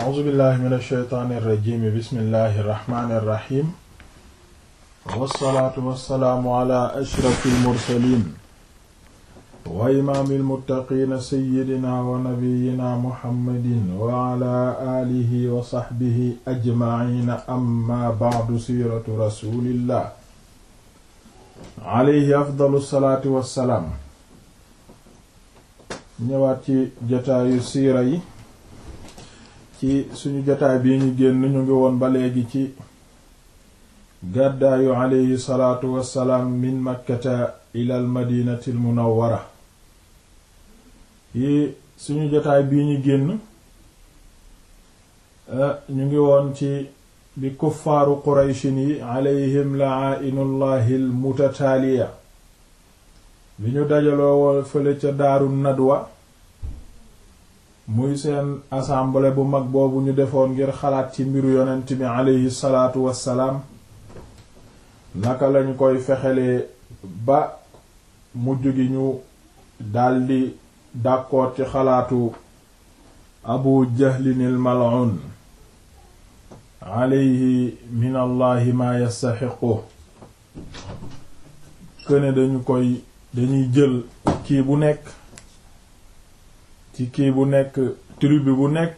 a'uuzu billahi min ashaytaani irrajimi bismillahi irrahmani irrahim wassalaatu wassalaamu ala ashrafi almursalin wa imaami almuttaqiina sayyidina wa nabiyyina muhammadin wa ala aalihi wa sahbihi ajmaciina amma ba'du siiratu rasulillah alayhi afdalu salaatu wassalaam ñëwaat ci jataayu siira yi ci suñu jotaay bii ñu génn ñu ngi woon ba léegi ci gàddaayu aleyhi salaatu wassalaam min makkata ilal madinati al munawwara yi suñu jotaay bii ñu génn eh, ñu ngi woon ci bi kuffaaru qurayshin yi aleyhim la'aa'inullahi al mutataaliya bi ñu dajaloo woon fële ca daaru nadwa muy seen assemblée bu mag boobu ñu defoon ngir xalaat ci mbiru yonent bi aleyhi salaatu wassalaam naka lañu koy fexelee ba mujj gi ñu daldi d'accord ci xalaatu abu jahlinil mal'un aleyhi min allahi maa yastaxiqu këne dañu koy dañuy jël kii bu nekk ci kii bu nekk tribu bu nekk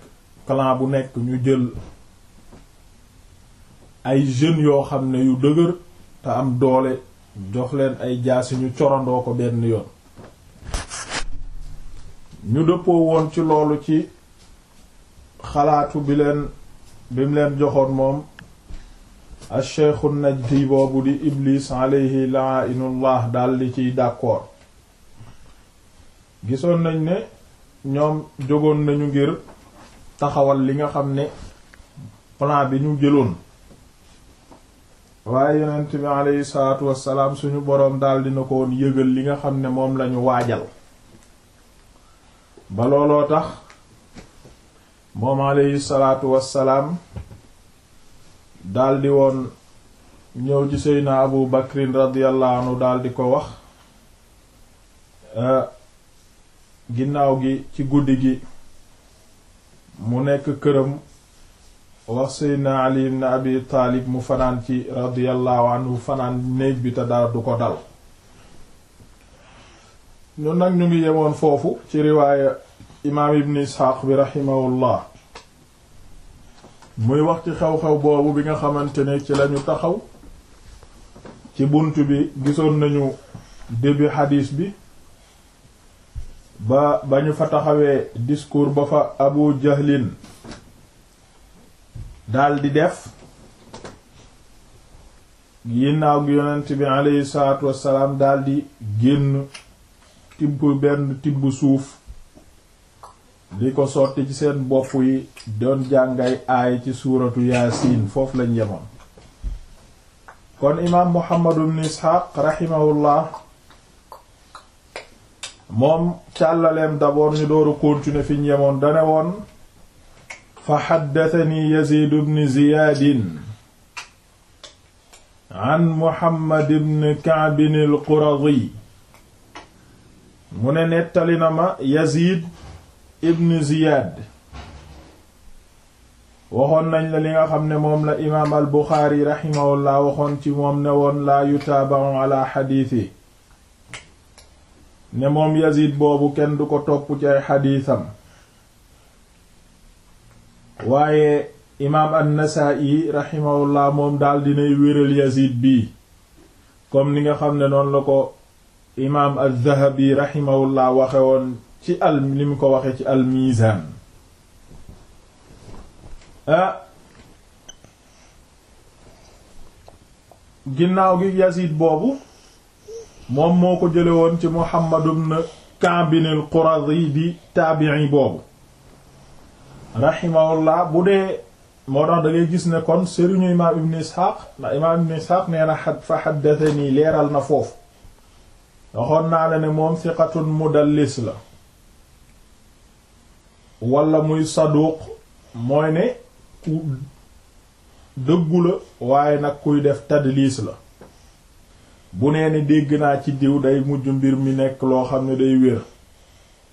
clan bu nekk ñu jël ay jeunes yoo xam ne yu dëgër te am doole jox leen ay jaasi ñu corandoo ko benn yoon ñu dëppoo woon ci loolu ci xalaatu bi leen leen joxoon moom a cheikhu najdi boobu di iblis alayhi la'inullah daldi ciy d'accord gisoon nañ ne ñoom jógoon nañu ngir taxawal li nga xam ne plan bi ñu jëloon waaye yonent bi aleyhi salaatu wassalaam suñu boroom daldi na ko woon yëgal li nga xam ne moom lañu waajal ba looloo tax moom aleyhi salaatu wassalaam daldi woon ñëw ci seyna abu bakrin radiyallahu anhu daldi ko wax ginnaaw gi ci guddi gi mu nekk këram wax seydna ali ibn abi taalib mu fanaan ci radiyallahu anhu fanaan néeg bi te dara du ko dal ñun nag ñu ngi yemoon foofu ci riwaaya imaam ibn isxaaq bi raximahullah muy wax ci xew-xew boobu bi nga xamante ne ci lañu taxaw ci bunt bi gisoon nañu début xadiis bi ba ba ñu fa taxawee diskuur ba fa abu jahlin daldi def ginnaaw gi yonent bi aleyhi salaatu wassalaam daldi génn tibb benn tibb suuf di ko sotti ci seen bopp yi doon jàngay aay ci suuratu yaasiin foofu la yemoon kon imaam muhammadu ibn isxaaq raximahullah moom càllaleem d'abord ñu dooru continuer fi ñu yemoon dane woon fa xaddatani yazid bn ziyaadin an muhammad bn kaabin al quradi mu ne nettali na ma yazid ibn ziyaad waxoon nañ la li nga xam ne moom la imaam al buxaari raximahullah waxoon ci moom ne woon laa yutaabau ala xadiisi ne moom Yazid boobu kenn du ko topp ci ay xadiisam waaye imaam an-Nasaa'i raximahullah moom daal dinay wéral Yazid bii comme ni nga xam ne noonu la ko imaam az-Zahabi raximahullah waxe woon ci al li mu ko waxe ci al-Miizaan ah ginnaaw gi Yazid boobu moom moo ko jële woon ci Muhammad ibn Ka'b al-Qurazi di taabi'i boobu rahimahullah bu dee moo tax da gis ne kon sëriñu imaam ibn Ishaq ndax imaam ibn Ishaq nee na fa haddathani leeral na foofu waxoon naa la ne moom thiqatun mudallis la wala muy saduq mooy ne ku dëggu la waaye nag kuy def tadliis la bu nee ne dégg naa ci diw day mujj mbir mi nekk loo xam ne day wér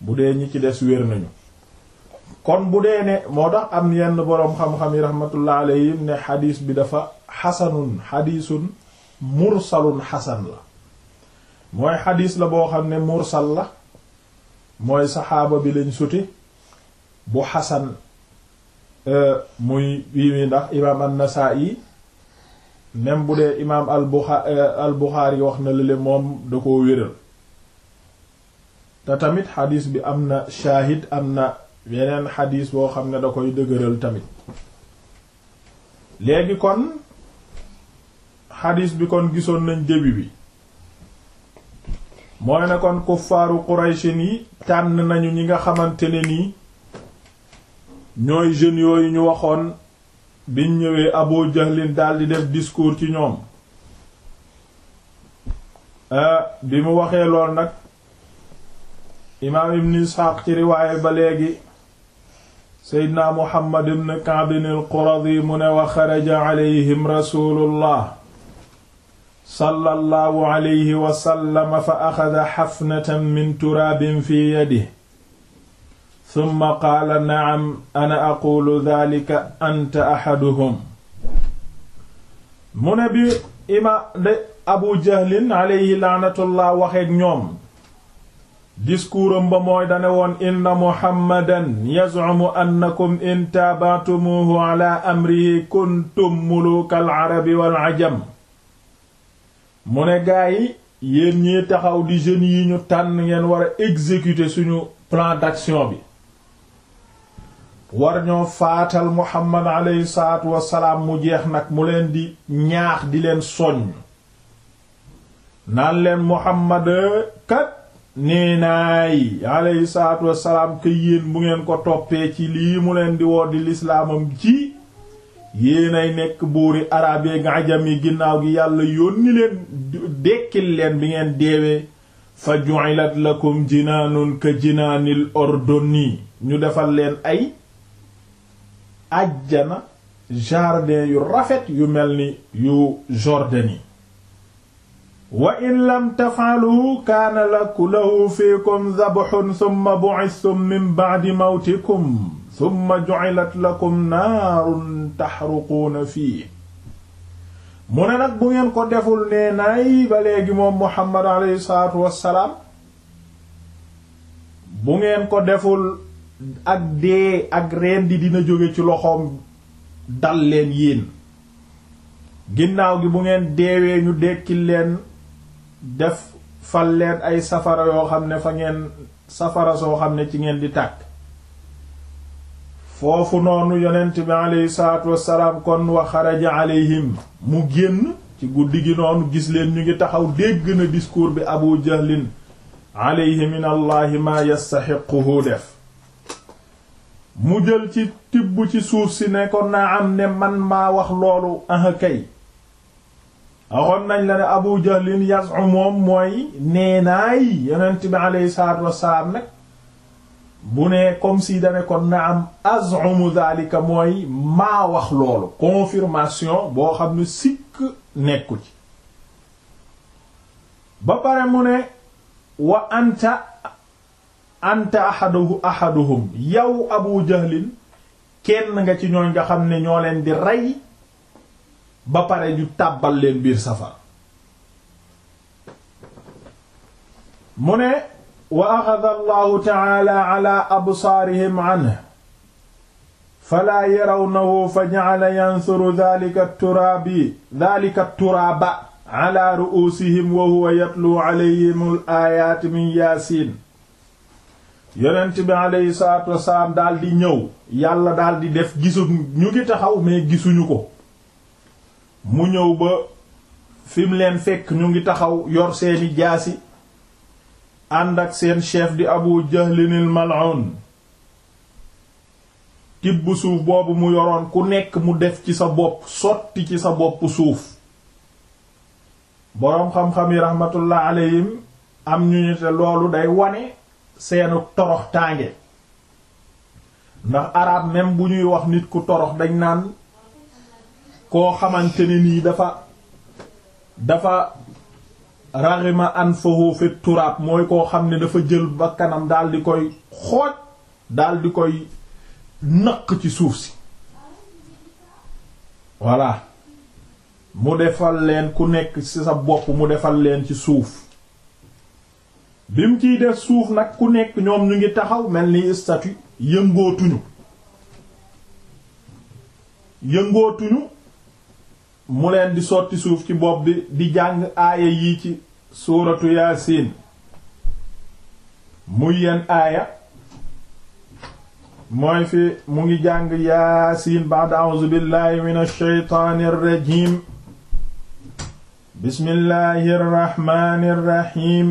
bu dee ñi ci des wér nañu kon bu dee ne moo tax am yenn boroom xam-xam yi rahmatullah alayhim ne xadiis bi dafa xasanun xadiisun mursalun xasan la mooy xadiis la boo xam ne mursal la mooy saxaaba bi lañ suti bu xasan euh, muy bii mi ndax imaam an-Nasaa'i même bu dee imaam al euh, Buxaari al wax na lële moom da ko wéral te tamit xadiis bi am na shaahid am na yeneen xadiis boo xam ne da koy dëgëral tamit léegi kon xadiis bi kon gisoon nañ début bi mooy ne kon kuffaaru Quraysin yi tànn nañu ñi nga xamante ne nii ñooy jeunes yooyu ñu waxoon biñ ñëwee Abu Jahlin daldi def discours ci ñoom ah, bi mu waxee lool nag imaam ibn Isxaaq ci riwaaye ba léegi seydna Muhammad ibn Ka'b al-Quradi mu ne wa xaraja alayhim rasulullah sallallahu alayhi wa fa axada xafnatan min turaabin fi yadihi summa qaala naam ana aqulu dhalika anta ahaduhum mu ne bi ima de abu jahlin aleyhi laanatullah waxeeg ñoom discours ba mooy dane woon inna muhammadan yaz'umu annakum in taaba'tumuhu ala amrihi kuntum mulukal arabi wal ajam mu ne gaa yi yéen taxaw di jeunes yi ñu tànn ngeen war a suñu plan bi war ñoo faatal muhammad aleyhi salaatu salaam mu jeex nag mu leen di ñaax di leen soññ naan leen muhammad kat nee naay aleyhi salaatu wasalaam ke yéen bu ngeen ko toppee ci lii mu leen di woo di lislaamam ji yéenay nekk buuri araab yeeg ajam yi ginnaaw gi yàlla yónni leen dekkil leen bi ngeen deewee fa ju'ilat lakum jinaanun ka jinaanil ordoni ñu defal leen ay ajjana jardin yu rafet yu mel ni yu Jordanie wa in lam tafaalu kaana laku lahu fiikum zabxun summa bu'istum min ba'di mawtikum summa ju'ilat lakum naarun taxruquuna fii mu ne nag bu ngeen ko deful nee nay ba léegi moom Muhammad aleyhi salaatu wassalaam bu ngeen ko deful ak dee ak reen di dina jóge ci loxoom dal leen yéen ginnaaw gi bu ngeen deewee ñu dekkil leen def fal leen ay safara yoo xam ne fa ngeen safara soo xam ne ci ngeen di tàkk foofu noonu yonent bi aleyhi salaatu wassalaam kon wa xaraja aleyhim mu génn ci guddi gi noonu gis leen ñu ngi taxaw dégg na discours bi abu jahlin aleyhi min allahi maa yastaxiquhu def mu jël ci tibb ci suuf si ne ko naa ne man maa wax loolu ah kay waxoon nañ la ne Abu Jahlin yasu moom mooy nee naay yonent bi aleyhi salaatu wassalaam nag bu ne comme si dane kon na am azumu daalika mooy maa wax loolu confirmation boo xam ne sikk nekku ci ba pare mu ne wa anta anta ahaduhu ahaduhum yow abu jahlin kenn nga ci ñooñ nga xam ne ñoo leen di rey ba pare ju tàbbal leen biir safar mu ne wa axada allahu taala ala absaarihim anhu falaa yarawnahu fa jacala yansuru dalika turaaba ala ru'uusihim wa huwa yatlu calayhim al min yaasiin yonent bi alayhi salaatu wasalaam daal di ñëw yàlla daal di def gisu ñu ngi taxaw mais gisuñu ko mu ñëw ba fim leen fekk ñu ngi taxaw yor seeni jaasi ànd ak seen chef di Abu Jahlinil mal'un tibb suuf boobu mu yoroon ku nekk mu def ci sa bopp sotti ci sa bopp suuf boroom xam-xam yi rahmatullah alayhim am ñu ni te loolu day wane seenu torox tànge ndax arab même bu ñuy wax nit ku torox dañ naan koo xamante ne nii dafa dafa raxima an fahu fi turaab mooy koo xam ne dafa jël ba kanam daal di koy xooj daal di koy naq ci suuf si voilà mu defal leen ku nekk ci sa bopp mu defal leen ci suuf bi mu ciy def suuf nag ku nekk ñoom ñu ngi taxaw mel ni statue yëngootuñu yëngootuñu mu leen di sotti suuf ci bopp bi di jàng aaya yi ci suuratu yaasiin muy yenn aaya mooy fi mu ngi jàng yaasiin ba'da a'uuzu billaahi minash shaytaanir rajiim bismillaahir rahmaanir rahiim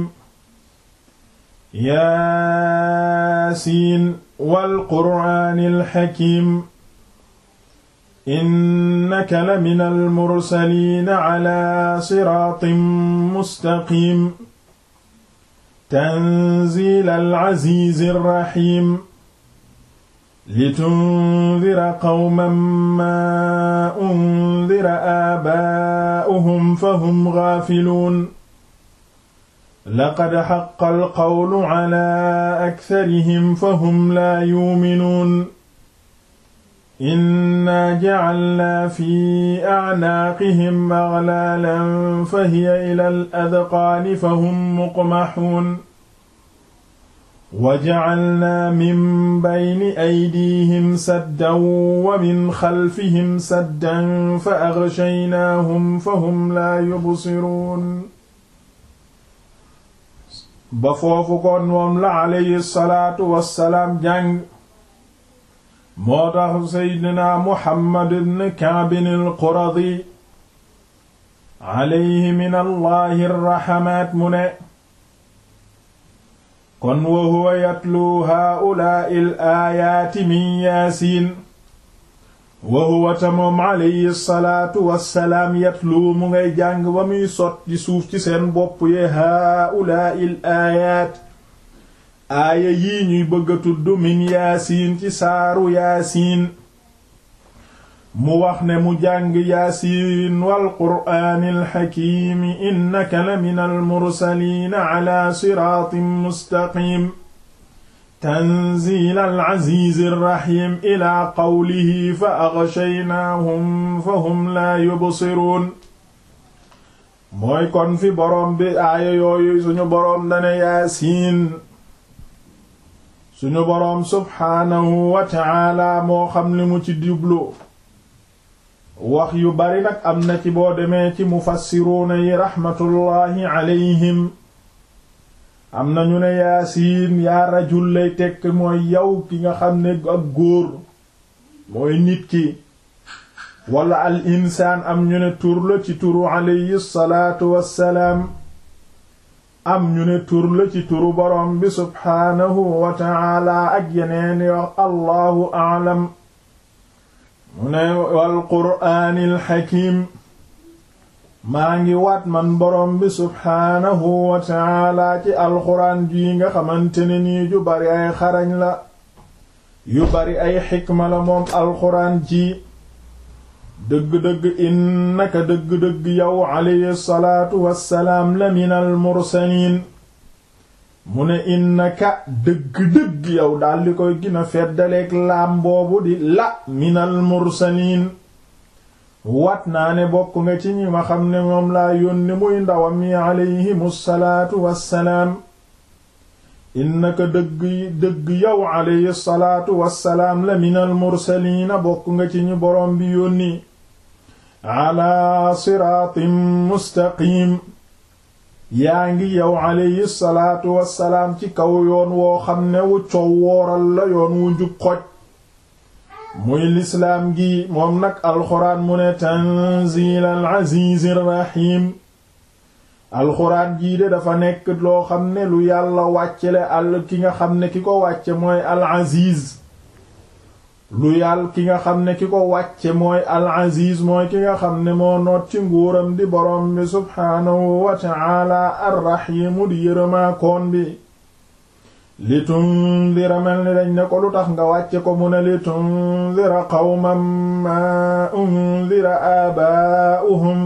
yaasiin wal qur'aanil xakiim innaka la minal mursaliina calaa siraatin mustaqiim tanziilal aziizir raxiim litundira qawman maa undira aabaa'uhum fahum gaafiluun laqad xaqa alqawlu ala aktarihim fahum laa yuuminuun inna jacalnaa fi acnaaqihim aghlaalan fahiya ila aladqaani fahum muqmaxuun wa jacalnaa min bayni aydiihim saddan wa min xalfihim saddan fa aghshaynaahum fahum laa yubsiruun ba foofu kon moom la alayhi salaatu wassalaam jàng moo tax seydina Muhammad ibn Ka'b al-Quradi alayhi min allahi rraxamaat mu ne kon wa huwa yatlu haa'ulaa'i al-aayaati min yaasiin wa huwa ta moom alayhi salaatu wassalaam yatluu mu ngay jàng ba muy sot ci suuf ci seen bopp yee haaulaa'il aayaat aaya yii ñuy bëgg a tudd min yaasiin ci saaru yaasiin mu wax ne mu jàng yaasiin wal qur'aanil xakiimi innaka la minal mursaliina alaa siraatin mustaqiim تنزيل العزيز الرحيم إلى قوله فأغشيناهم فهم لا يبصرون mooy kon fi boroom bi aaya yooyu suñu boroom dane yaasiin suñu boroom subhaanahu wa ta'ala moo xam li mu ci jublu wax yu bari nag am na ci boo demee ci mufassiruuna yi raxmatullaahi alayhim am na ñu ne yaasiin yaa rajul lay tekk mooy yow ki nga xam ne ak góor mooy nikki ki wala al insaan am ñu ne tur ci turu alayhi salaatu wassalaam am ñu ne ci turu boroom bi subhaanahu wa ta'ala ak yeneen wax allahu a'lam mu ne wal qur'aanil maa ngi waat man borom bi subhaanahu wa taala ci alxuraan jii nga xamante ne nii ju bari ay xarañ la yu bari ay xikma la moom alxuraan ji dëgg-dëgg innaka dëgg-dëgg yow alayhi salaatu wassalaam la minal mursaliin mu ne innaka dëgg-dëgg yow daldi koy gina feddaleek laam boobu di la minal mursaliin wat naa ne bokk nga ci ñi ma xam ne moom laa yónni muy ndawam yi aleyhimu salaatu wa wassalaam innaka dëgg dëgg yow aleyhi salaatu wa salaam la minal mursaliina bokk nga ci ñi boroom bi yónni ala siraatin mustaqiim yaa ngi yow aleyhi salaatu wa salaam ci kaw yoon woo xam ne wu cowwooral la yoon wu njub xoj muy lislaam gi moom nag alxuraan mu ne tanziil al aziz alxuraan jii de dafa nekk loo xam ne lu yàlla wàccele al ki nga xam ne ki ko wàcce mooy al aziz lu yàlla ki nga xam ne ki ko wàcce mooy al aziz mooy ki nga xam ne moo noot nguuram di borom bi subhaanahu wa ta'ala ar rahimu di yërëmaa koon bi li tundira mel ni dañ ne ko lu tax nga wàcce ko mu ne li tundira qawman ma undira aabaa'uhum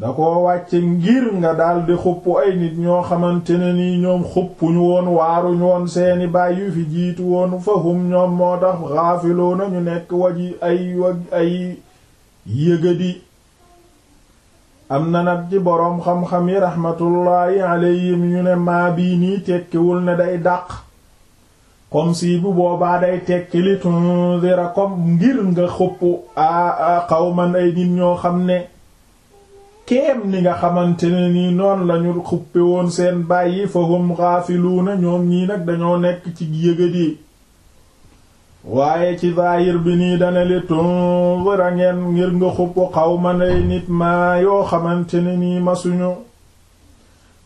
da ko wàcce ngir nga daldi xupp ay nit ñoo xamante ne nii ñoom xuppuñu woon waaruñu woon seeni baay yu fi jiitu woon fa ñoom moo tax gaafiluuna ñu nekk waji ay waj ay yëgadi am na nag ci boroom xam-xam yi raxmatullaahi alayhim ñu ne maa bii nii tekkiwul ne day dàq comme si bu boobaa day tekki li tunzira comme ngir nga xupp a xawman ay nit ñoo xam ne keem ni nga xamante ne nii noon lañu xuppe woon seen bàyyi fahum xaafiluuna ñoom ñii nag dañoo nekk ci yëgadi waaye ci zaahir bi nii dana li tunzira ngir nga xuppu xawman ay nit maa yoo xamante ne nii masuñu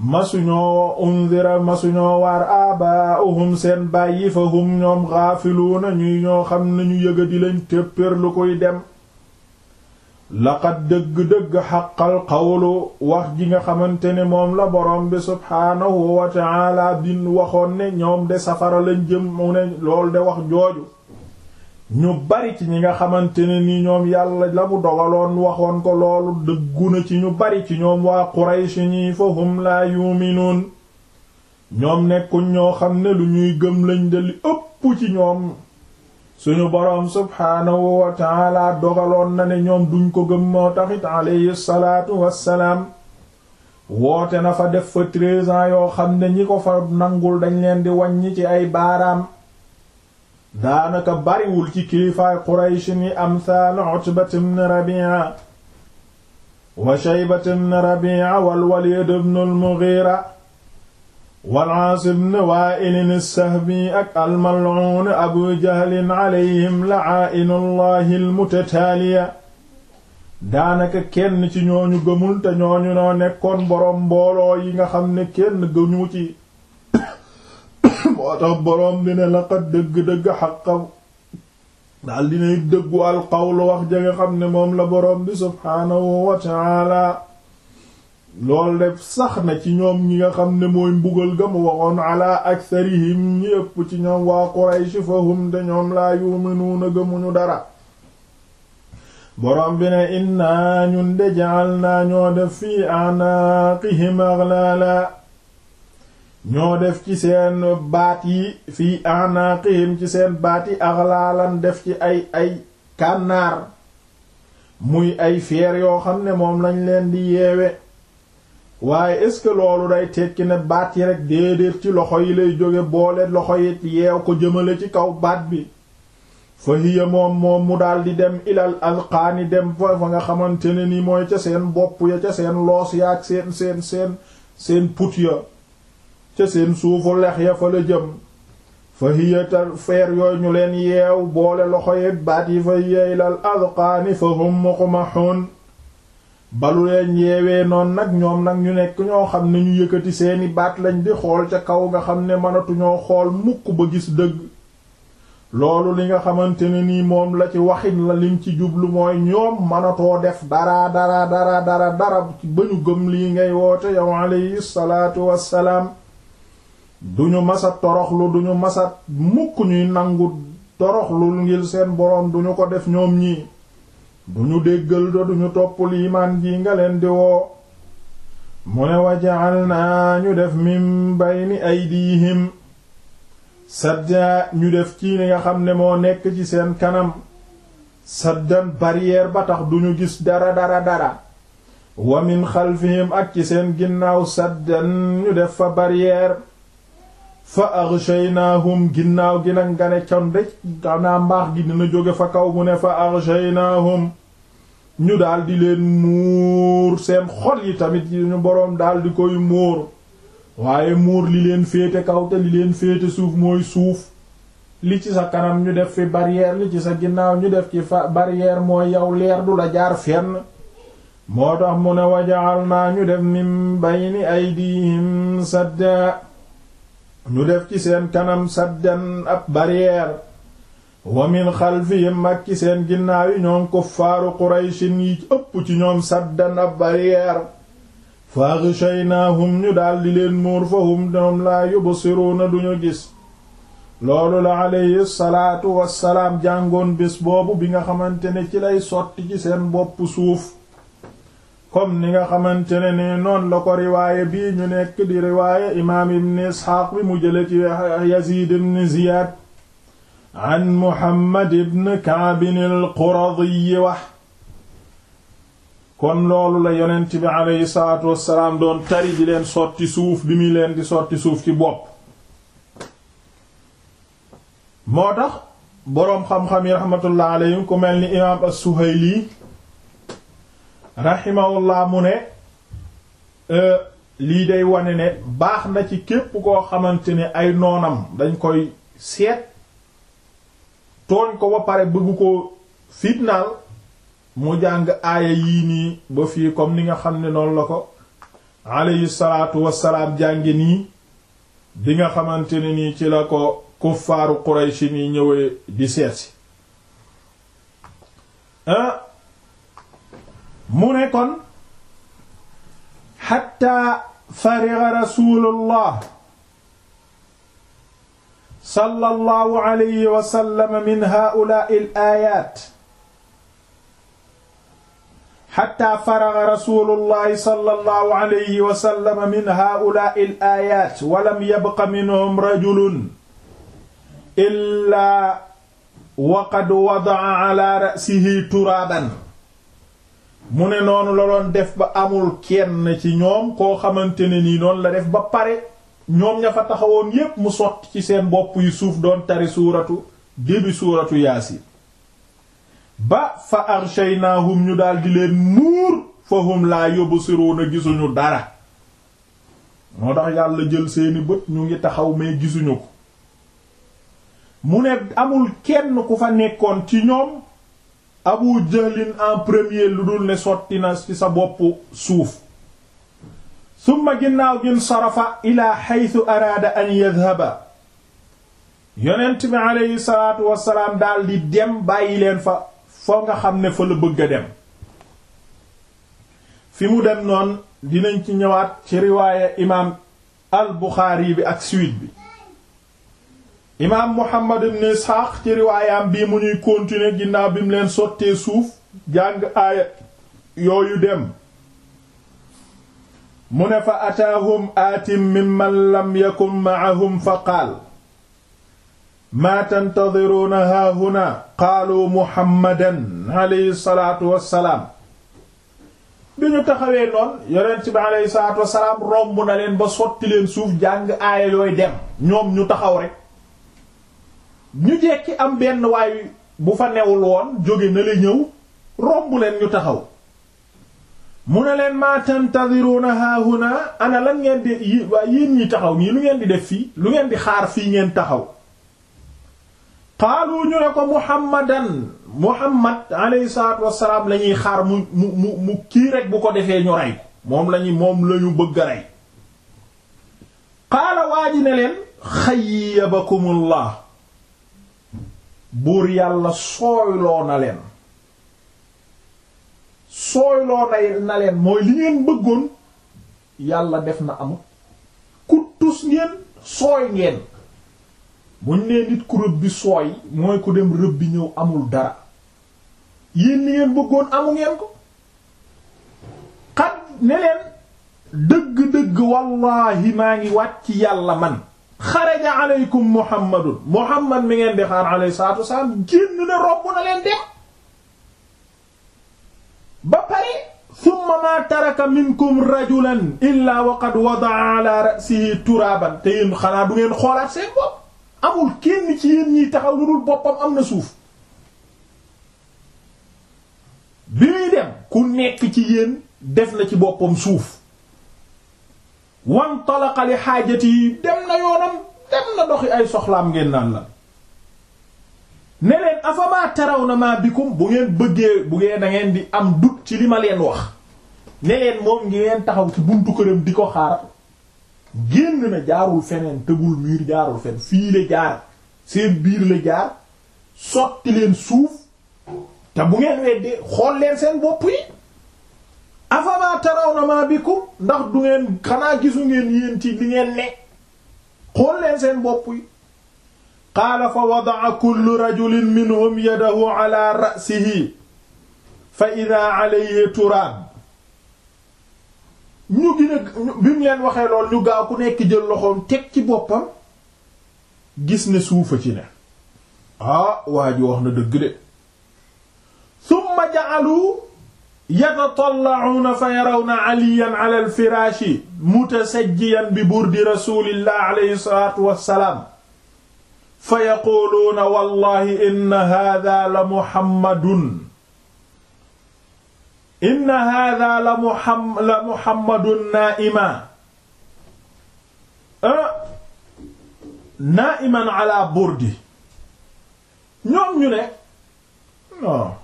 masuñoo unzira masuñoo waar aabaa'uhum seen bàyyi fa hum ñoom xaafiluuna ñuy ñoo xam nañu ñu yëga di lañ téppér lu koy dem laqad dëgg-dëgg xaqal qawlu wax ji nga xamante ne moom la boroom bi subhaanahu wa ta'ala bin waxoon ne ñoom de safara lañ jëm mu ne lool de wax jooju ñu bari ci ñi nga xamante ne ni ñoom yàlla la mu dogaloon waxoon ko loolu dëggu na ci ñu bari ci ñoom waa Quraysh ñi fa hum laa yuuminuun ñoom nekkuñ ñoo xam ne lu ñuy gëm lañ de ëpp ci ñoom suñu boroom subhaanahu wa taala dogaloon na ne ñoom duñ ko gëm moo taxit alayhi salaatu wassalaam woote na fa def fa treize ans yoo xam ne ñi ko fa nangul dañ leen di wàññi ci ay baaraam daanaka bariwul ci kilifaay Quraysh ni amsaal Utbat ibn Rabi'a wa Shaybat ibn Rabi'a wal Walid ibn al-Mughira wal Aas ibn Waa'il as-Sahmi ak al-mal'un Abu Jahl alayhim la'aa'inullahi al-mutataaliya daanaka kenn ci ñooñu gëmul te ñooñu noo nekkoon boroom mbooloo yi nga xam ne kenn gëñu ci moo tax boroom bi ne laqad dëgg-dëgg xaqa daal dëggu alqawlu wax ja nga xam ne moom la boroom bi subhaanahu wa taala lool def sax na ci ñoom ñi nga xam ne mooy mbugal ga mu waxoon ala aktharihim ñi ëpp ci ñoom waa Quraysh fahum de ñoom laa yu'minuuna gëmuñu dara boroom bi ne inna ñun de ja'alnaa ñoo def fii a'naaqihim aghlaala ñoo def ci seen baat yi fii anaqihim ci seen baat yi axlaalan def ci ay ay kànnaar muy ay feer yoo xam ne moom lañ leen di yeewe waaye est-ce que loolu day tekki ne baat yi rek déedéet ci loxo yi lay jóge boole loxo yi yeew ko jëmale ci kaw baat bi fa hiya moom moom mu daal di dem ilal alqaani dem fa fa nga xamante ne ni mooy ca seen bopp ya ca seen loos ya seen seen seen seen put ya ca seen suufu lex ya fa la jëm fa hiyatal feer yooyu ñu leen yeew boole loxo yeeg baat yi fa yeey lal adqaani fa hum muqmahun balu leen yeewee noon nag ñoom nag ñu nekk ñoo xam ne ñu yëkkati seeni baat lañ di xool ca kaw nga xam ne mënatuñoo xool mukk ba gis dëgg loolu li nga xamante ni nii moom la ci waxin la lim ci jublu mooy ñoom mënatoo def dara dara dara dara dara ba ñu gëm lii ngay woote yow alayhi salaatu wassalaam duñu masa toroxlu duñu masa mukk ñuy nangu toroxlu ngir seen boroom duñu ko def ñoom ñii duñu déggal da duñu topp liimaan ji nga leen di woo mu ne wa ja'alnaa ñu def min bayni aydihim sadda ñu def ci li nga xam ne moo nekk ci seen kanam saddan barrière ba tax duñu gis dara dara dara wa min xalfihim ak ci seen ginnaaw saddan ñu def fa barrière fa aghshaynaahum ginnaaw gi nag nga ne conde xanaa mbaax gi dina jóge fa kaw mu ne fa aghshaynaahum ñu daldi leen muur seen xol yi tamit ñu boroom daldi koy muur waaye muur li leen féete kaw te li leen féete suuf mooy suuf li ci sa kanam ñu def fi barrière li ci sa ginnaaw ñu def ci fa barrière mooy yow leer du la jaar fenn moo tax mu ne wajaal naa ñu def min bayni aydihim sadda ñu def ci seen kanam saddan ab barrière wa min xalfihim ak ci seen ginnaaw yi ñoom kuffaaru qurayshin yi ëpp ci ñoom saddan ab barrière fa ghashaynahum ñu daldi leen muur fa hum ñoom laa na duñu gis loolu la alayhi salaatu wassalaam jàngoon bés boobu bi nga xamante ne ci lay sotti ci seen bopp suuf comme ni nga xamante ne noon la ko riwaayé bii ñu nekk di riwaayé imaam ibn isxaaq bi mu jële ci yaziid ibn ziyaad an muhammad ibn kaabin al-quradiyi wax kon loolu la yonent bi aleyhi salaatu wassalaam doon tari di leen sotti suuf bi muy leen di sotti suuf ci bopp moo tax boroom xam-xam yi raxmatullahi aleyhim ku mel ni imaam as-suhayli rahimahullah mu ne euh, lii day wane ne baax na ci képp koo xamante ne ay noonam dañ koy seet tooñ ko ba pare bëgg ko fitnaal mu jàng aaya yii nii ba fii comme ni nga xam ne noonu la ko alayhi salaatu wassalaam jàngi nii bi nga xamante ne nii ci la ko kuffaaru Quraysh nii ñëwee di seetsi ah mu ne kon xatta fariga rasulullah sallallahu alayhi wa sallam min haa'ulaa'i al-aayaat xatta faraga rasulullahi sallallahu alayhi wa sallam min haa'ulaa'i al-aayaat wa lam yabqa minhum rajulun illaa wa qad wada'a alaa ra'sihi turaaban mu ne noonu la doon def ba amul kenn ci ñoom koo xamante ne nii noonu la def ba pare ñoom ña fa taxawoon yépp mu sotti ci seen bopp yu suuf doon tari suuratu débi suuratu yaasin ba fa arshaynahum ñu daal di leen muur fahum laa yubsiruna gisuñu dara moo tax yàlla jël seeni bët ñu ngi taxaw mais gisuñu ko mu ne amul kenn ku fa nekkoon ci ñoom abu jahlin en premier lu dul ne sotti na ci sa boppu suuf summa ginnaaw gin sarafa ila xaytu araada an yadhaba yonent bi aleyhi salaatu wasalaam daal di dem bàyyi leen fa foo nga xam ne fa la bëgg dem fi mu dem noon dinañ ci ñëwaat ci riwaaya imaam al buxaari bi ak suite bi imaam Muhammad ibn Isxaaq ci riwaayam bii mu ñuy continuer ginnaaw bi leen sottee suuf jàng aaya yooyu dem mu ne fa ataahum aatim mimman lam yakun ma'ahum fa qaal maa tantadiruuna haahuna qaalu muhammadan alayhi salaatu wassalaam bi ñu taxawee noon yonent bi alayhi salaatu wassalaam romb na leen ba sotti suuf jàng aaya yooyu dem ñoom ñu taxaw rekk ñu jekki am benn waay bu fa newul woon jóge na la ñëw romb leen ñu taxaw mu ne leen ma tantadiruna haahuna ana la ngeen di yi waa yéen ñi taxaw nii lu ngeen di def fii lu ngeen di xaar fii ngeen taxaw xaalu ñu ne ko muhammadan muhammad alayhi salaatu wassalaam la xaar mu mu mu mu kii rek bu ko defee ñu rey moom lañuy moom lañu ñu rey qaala waa ji ne leen xayyabakumullah buur yàlla sooyloo na leen sooyloo na leen mooy li ngeen bëggoon yàlla def na amut ku tus ngeen sooy ngeen buñ nee nit ku rëb bi sooy mooy ko dem rëb ñëw amul dara yéen li ngeen bëggoon amu ngeen ko xat ne leen dëgg-dëgg wallaahi maa ngi wàcc yàlla man xaraja aleykum muhammadun muhammad mi ngeen di xaar alayhi salaatu wasalaam génn na romb na leen dem ba pare summa maa taraka minkum rajulan illa wa qad wadaa ala ra'sihi turaaban te yéen xanaa du ngeen xoolaat seen bopp amul kenn ci yéen ñiy taxaw lu boppam am na suuf bi muy dem ku nekk ci yéen def na ci boppam suuf wan talaqa li xaajati yi dem na yoonam dem na doxi ay soxlaam ngeen naan la ne leen afamaa taraw na maa bikum bu ngeen bëggee bu ngeen da di am dut ci li ma leen wax ne leen moom ngeen taxaw ci buntu këram di ko xaar génn na jaarul feneen tëbul miir jaarul fen fii la jaar seen biir la jaar sotti leen suuf te bu ngeen weddee xool leen seen bopp yi afama tarawna ma bikum ndax du ngeen xanaa gisu ngeen yéen ci li ngeen ne xool leen seen bopp yi qaala fa wada'a kullu rajulin minhum yadahu ala ra'sihi fa idha alayhi turaab ñu gën bi mu leen waxee lool ñu gaaw ku nekk jël loxoom teg ci boppam gis ne suufa ci ne ah waa wax na dëgg de summa ja'alu yatatallacuuna fa yarawna caliyan cala alfiraashi mutasajjiyan bi burdi rasulillah alayhi salaatu wassalaam fa yaquuluuna wallahi inna haadaa la muhammadun inna haadaa la muhammadun naa'ima naa'iman cala burdi ñoom ñu ne non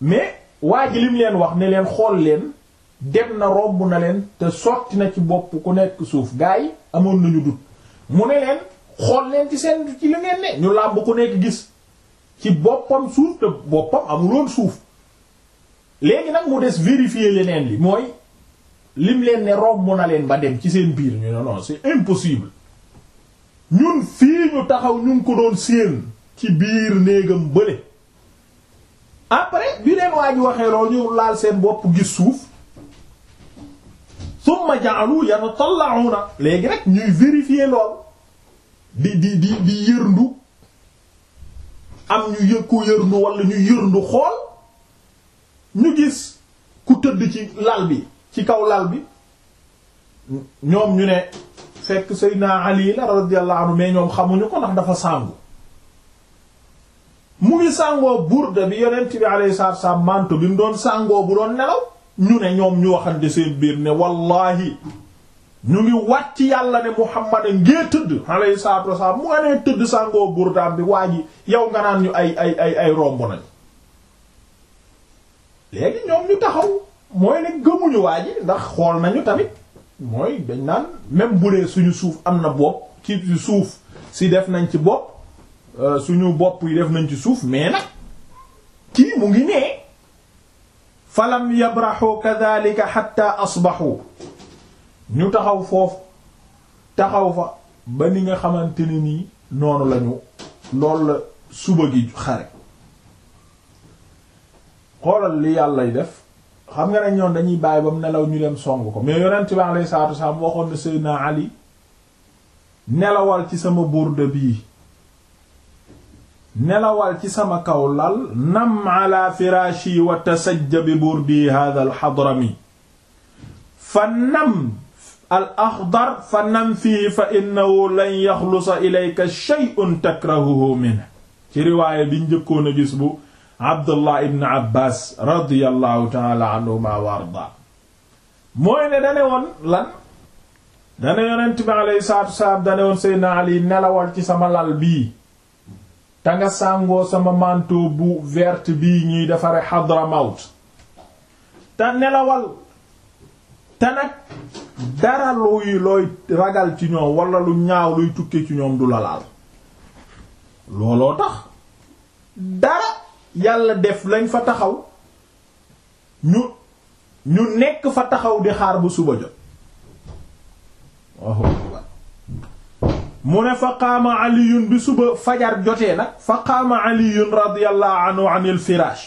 mais waa ji lim leen wax ne leen xool leen dem na romb na leen te sotti na ci bopp ku nekk suuf gaa yi amoon nañu dut mu ne leen xool leen ci seen ci li ngeen ne ñu làmb ku nekk gis ci boppam suuf te boppam amuloon suuf léegi nag mu des vérifier leneen bi mooy lim leen ne romb na leen ba dem ci seen biir ñu ne non c'est impossible ñun fii ñu taxaw ñu ko doon séen ci biir néegam bële après bi leen waa ji waxee loolu ñu laal seen bopp gis suuf summa ja'alu yatatalla'una léegi rek ñuy vérifier lool di di di di yërndu am ñu yëg ku yërndu wala ñu yërndu xool ñu gis ku tëdd ci lal bi ci kaw lal bi ñoom ñu ne fekk naa Ali la radiyallahu anhu mais ñoom xamuñu ko ndax dafa sàngu mu ngi sàngoo burda bi yonent bi alayhi sa wasallam manto bi mu doon sàngoo bu doon nelaw ñu ne ñoom ñu waxante seen biir ne wallahi ñu ngi wàcc yàlla ne Muhammad ngee tëdd alayhi salaatu wasallam mu nga nee tëdd sàngoo burdaam bi waa yi yow nga naan ñu ay ay ay ay romb nañ léegi ñoom ñu taxaw mooy ne gëmuñu waa ji ndax xool nañu tamit mooy dañ naan même bu dee suñu suuf am na bopp ci suuf si def nañ ci bopp Euh, suñu bopp yi def nañ ci suuf mais nag kii mu ngi nee falam yabraxu kadhalika hatta asbaxu ñu taxaw foofu taxaw fa ba ni nga xamante ne nii noonu lañu loolu la suba gi xare xoolal li yàlla yàllay def xam nga ne ñoom dañuy bàyyi ba mu nelaw ñu dem song ko mais yonent bi alayhi salaatu wasalaam waxoon na Seydina Ali nelawal ci sama burda bii nelawal ci sama kaw lal nam ala firaashi wa tasajja bi burdi hadha al hadrami fa nam al axdar fa nam fii fa innahu lan yaxlusa ilayka shay'un takrahuhu min ci riwaaya bi njëkkoon a gis bu abdullah ibn abbas radiyallahu taala anhuma wa arda mooy ne dane woon lan dane yonent bi alayhi salaatu wa salaam dane woon seydna ali nelawal ci sama lal bii te sàngoo sama manteau bu vert bi ñuy defare Hadramaut te nelawal te nag dara luy looy ragal ci ñoom wala lu ñaaw luy tukkee ci ñoom du la laal looloo tax dara yàlla def lañ fa taxaw ñu ñu nekk fa taxaw di xaar bu suba jot mu ne fa qaama aliyun bi suba fajar jotee nag fa qaama aliyun radiyallahu anhu anil firaash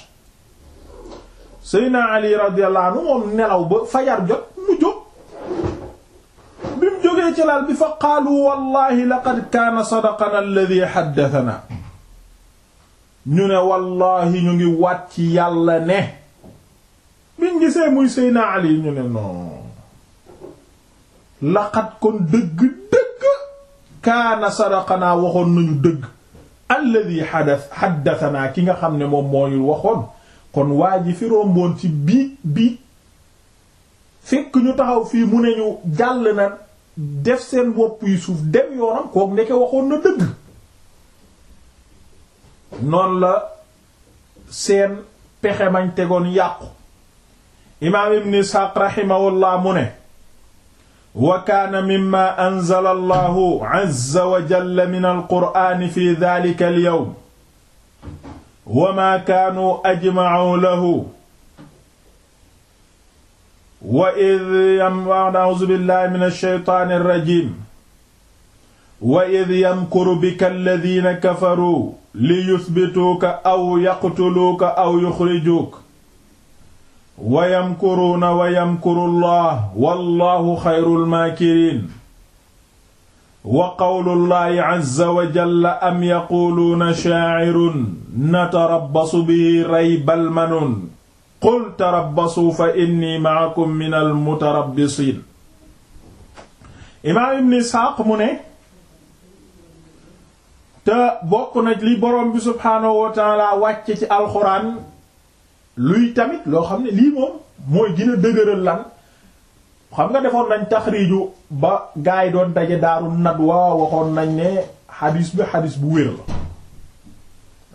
seyna ali radiyallahu anhu moom nelaw ba fajar jot mu jóg bi mu jógee ci lal bi fa qaalu wallahi laqad kaana sadaqana alladhi haddathana ñu ne wallahi ñu ngi wàcc yàlla ne biñ gisee muy seyna ali ñu ne non laqad kon dëgg dëgg kaana sadaqanaa waxoon nañu dëgg alladi xadas xaddasanaa ki nga xam ne moom moo ñu waxoon kon waa ji fi romboon ci bii bii fekk ñu taxaw fii mu ne ñu jàll na def seen wopp yu suuf dem yoonam kook ndeke waxoon na dëgg noonu la seen pexe mañ tegoon yàqu imaam ibn Isxaaq rahimahullah mu ne wa kaana mimma anzala allahu azza wa jalla min alqur'ani fi dhalika alyawm wa ma kaanu ajma'u lahu wa id a'uuzu billahi min alsheytaani alrajim wa id yamkuru bika alladina kafaru li yuthbituuka aw yaqtuluuka aw yuxrijuuka wa yamkuruuna wa yamkuru llah wallahu xayrul maakiriin wa qawlullahi azza wa jalla am yaquuluuna shaacirun natarabbasu bihi raybal manuun qul tarabbasuu fa inni maakum minal mutarabbisiin imaam ibn isxaaq mu ne te bokk na li boroom bi subhaanahu wa taala wàcce ci alxuraan luy tamit loo xam ne lii moom mooy gën a lan xam nga defoon nañ taxriiju ba gaa yi doon daje daaru nadwa waxoon nañ ne xadiis bi xadiis bu wér la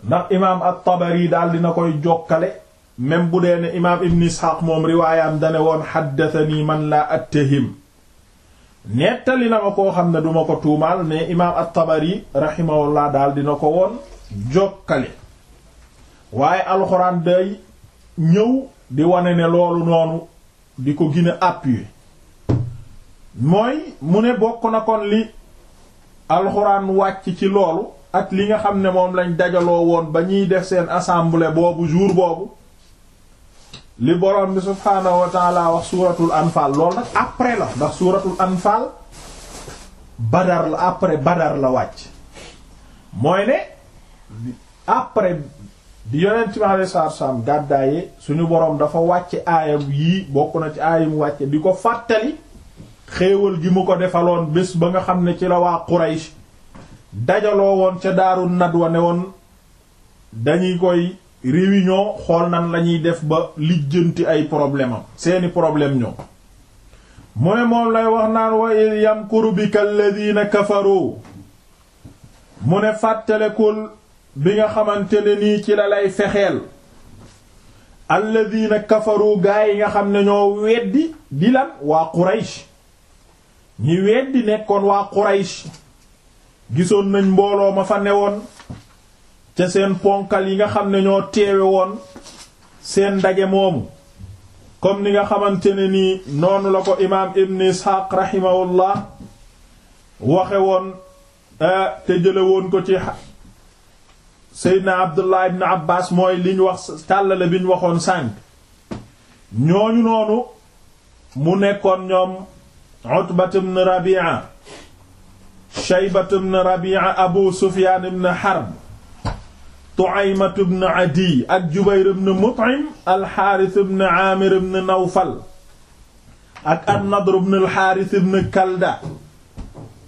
ndax imaam at-Tabari daal dina koy jokkale même bu dee ne imaam Ibn Isxaaq moom riwaayam dane woon xaddatani man laa attahim nettali na ma koo xam ne duma ko tuumaal mais imaam at-Tabari rahimahullah daal dina ko woon jokkale waaye alxuraan day ñëw di wane ne loolu noonu di ko gën a appuyer mooy mu ne bokk na kon li alxuraan wàcc ci loolu ak li nga xam ne moom lañ dajaloo woon ba ñuy def seen assemblée boobu jour boobu li borom bi subhaanahu wa taala wax suuratul anfaal loolu nag après la ndax suuratul anfaal badar la après badar la wàcc mooy ne après bi yonent bi alayhi salaatu wassalaam gàddaaye suñu boroom dafa wàcce aayam yii bokk na ci aayam wàcce di ko fàttali xéewal gi mu ko defaloon bés ba nga xam ne ci la waa Quraysh dajaloo woon ca Daaru Nadwa ne woon dañu koy réunion xool nan lañuy def ba lijjanti ay problème seeni problème ñoom mu ne moom lay wax naan wa id yamkuru bika alladhina kafaru mu ne fàttalekul bi nga xamante ne nii ci la lay fexeel alladina kafaru gaa yi nga xam ne ñoo weddi di lan waa Quraysh ñi weddi nekkoon waa Quraysh gisoon nañ mbooloo ma fa newoon ca seen ponkal yi nga xam ne ñoo teewe woon seen ndaje moomu comme ni nga xamante ne nii noonu la ko imaam Ibn Isxaaq rahimahullah waxe woon eh, te jële woon ko ci seydna abdullah ibn abbas mooy liñ wax tàllale biñ waxoon sànq ñooñu noonu mu nekkoon ñoom utbat ibn rabi'a shaybat ibn rabi'a abu sufyan ibn harb tu'aymat ibn adi ak jubayr ibn mut'im alxaaris ibn aamir ibn nawfal ak an-nadr alxaaris ibn kalda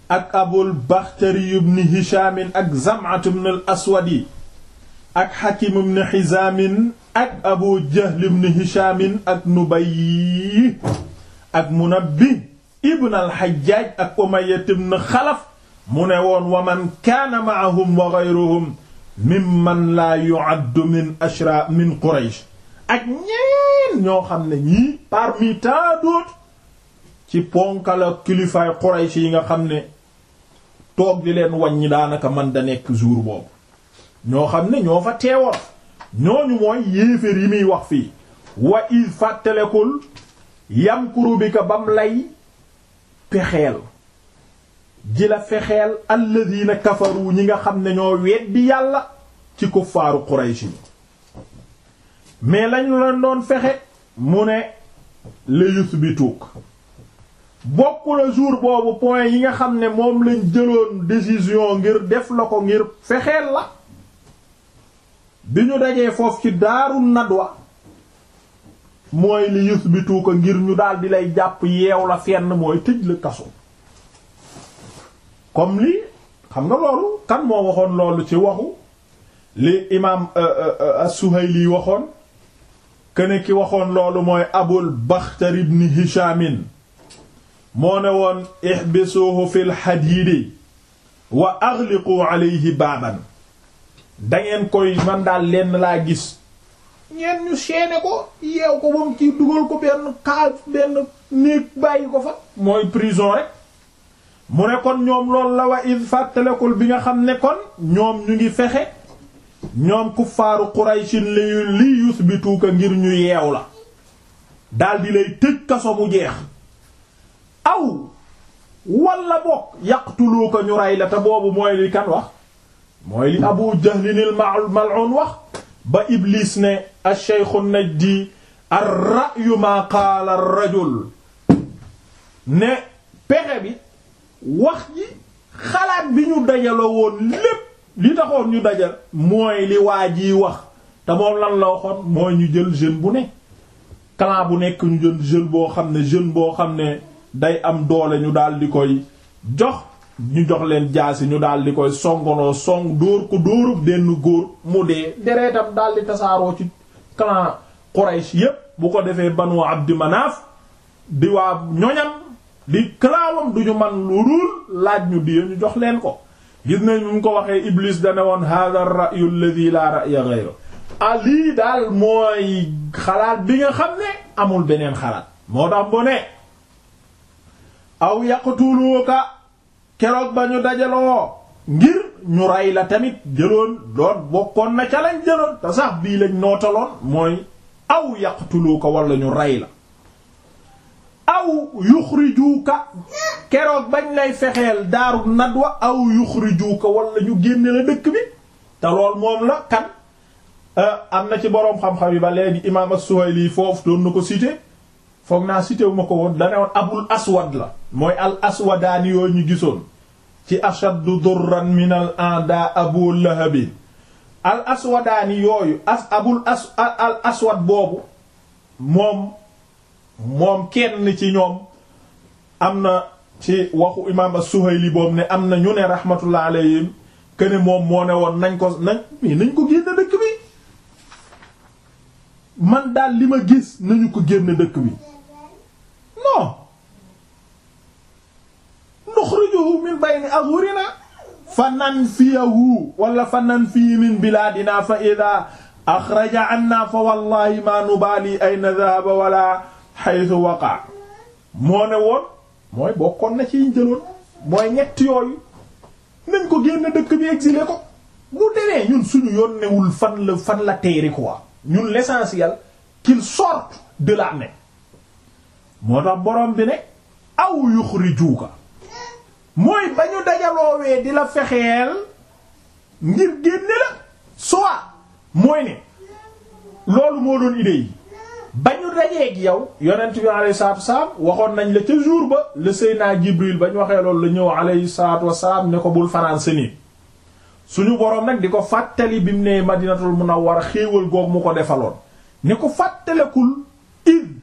ak abul bakhtari ibn hishaam ak zam'at ibn al ak Hakim ibn Hizaam ak Abu Jahl ibn Hishaam ak Nubay ak Munabbi ibn al-Hajjaaj ak Umayya ibn Xalaf mu ne woon wa man kaana ma'ahum wa ghayruhum mimman laa yu'addu min ashra min Quraysh ak ñeen ñoo xam ne ñii parmi tant d'autres ci ponkala kilifaay Quraysh yi nga xam ne toog di leen wàññi daanaka man da nekk jour boobu ñoo xam ne ñoo fa teewoon ñooñu mooy yéeféer yi muy wax fii wa is fàttalekul yam kuru bi ka bam lay pexeel ji la fexeel alladina kafaru ñi nga xam ne ñoo weddi yàlla ci kuffaaru Quraysh yi mais lañu leen doon fexe mu ne la yusbituuk bokk la jour boobu point yi nga xam ne moom lañ jëloon décision ngir def la ko ngir fexeel la bi ñu dajee foofu ci daaru nadwa mooy li yusbitu ko ngir ñu daal di lay jàpp yeew la fenn mooy tëj la kaso comme li xam nga loolu kan moo waxoon loolu ci waxu li imaam euh, euh, euh, as waxoon kene waxoon loolu mooy Abul Baxtar ibn Hishamin moo ne woon ihbisuhu fil hadiidi wa aghliqu alayhi baaban dangeen koy man daal lenn laa gis ñeen ñu seene ko yeew ko ba kii dugal ko benn kaal benn néeg bàyyi ko fa mooy prison rek mu ne kon ñoom loolu la i id fàttalekul bi nga xam ne kon ñoom ñu ngi fexe ñoom kuffaaru Qurayshin li li yusbituuka ngir ñu yeew la daal di lay tëj kaso bu jeex aw wala bokk yaqtuluuka ñu rey la te boobu mooy li kan wax mooy li abu jahlinil mal'un wax ba iblis ne ash-shaykhu najdi ar-ra'yu ma qaala ar-rajul ne pexe bi wax ji xalaat bi ñu dajaloo woon lépp li taxoon ñu dajal mooy li waa ji wax te moom lan la waxoon mooy ñu jël jeune bu ne clan bu nekk ñu jël jeune boo xam ne jeune boo xam ne day am doole ñu daal koy jox ñu jox leen jaasi ñu daal di koy songonoo song dóor ko dóorub benn góor mu dee dereetam daal di tasaaroo ci clan Quraysh yépp bu ko defee banu Abdi Manaaf di waa ñoñam di clawam duñu man lu ruul laaj ñu di ñu jox leen ko gis nañ mu ko waxee Iblis dane woon hadha ar-ra'yu la ra'ya ghayru ah lii daal mooy xalaat bi nga xam ne amul beneen xalaat moo tax bu ne aw yaqtuluka keroog ba ñu dajaloo ngir ñu ray la tamit jëloon doon bokkoon na ca lañ jëloon te sax bii lañ nootaloon mooy aw ko wala ñu ray la aw yuxrijuuka keroog bañ lay fexeel daaru nadwa aw yuxrijuuka wala ñu génne la dëkk bi te lool moom la kan euh, am na ci boroom xam-xam yi ba léegi imaam as-Suhayli foofu doon na ko cité foog naa cité wu ko woon da ne woon abul aswad la mooy al aswadaani yooyu ñu gisoon ci ashaddu durran min al a'da abu al aswadaani yooyu abul as al aswad boobu moom moom kenn ci ñoom am na ci waxu imaam as-Suhayli boobu ne am na ñu ne rahmatullah alayhim moom moo ne woon ko nañ nañ ko génn dëkk bi man daal li ma gis nañu ko génn dëkk bi nuxrijuhu min bayni azhurina fa nanfiyahu wala fa nanfihi min bilaadina fa idaa axraja anna fa wallahi ma nubaali ayna dahaba wala haythu waqa moo ne woon mooy bokkoon na ci jëloon mooy ñett yooyu nañ ko génn dëkk bi exilé ko bu demee ñun suñu yoon newul fan la fan la teeri quoi ñun l'essentiel qu'il sorte de la moo tax borom bi ne aw yuxrijuuka mooy ba ñu dajaloowee di la fexeel ngir génne la soit mooy ne loolu moo doon idée yi ba ñu dajee ak yow yonent bi alayhi salaatu wasalaam waxoon nañ la ca jour ba la sëy naa Jibril ba ñu waxee loolu la ñëw alayhi salaatu wasalaam ne ko bul fanaan sa suñu boroom nag di ko fàttali bi mu ne Madinatul Munawwara xéewal goog mu ko defaloon ne ko fàttalekul id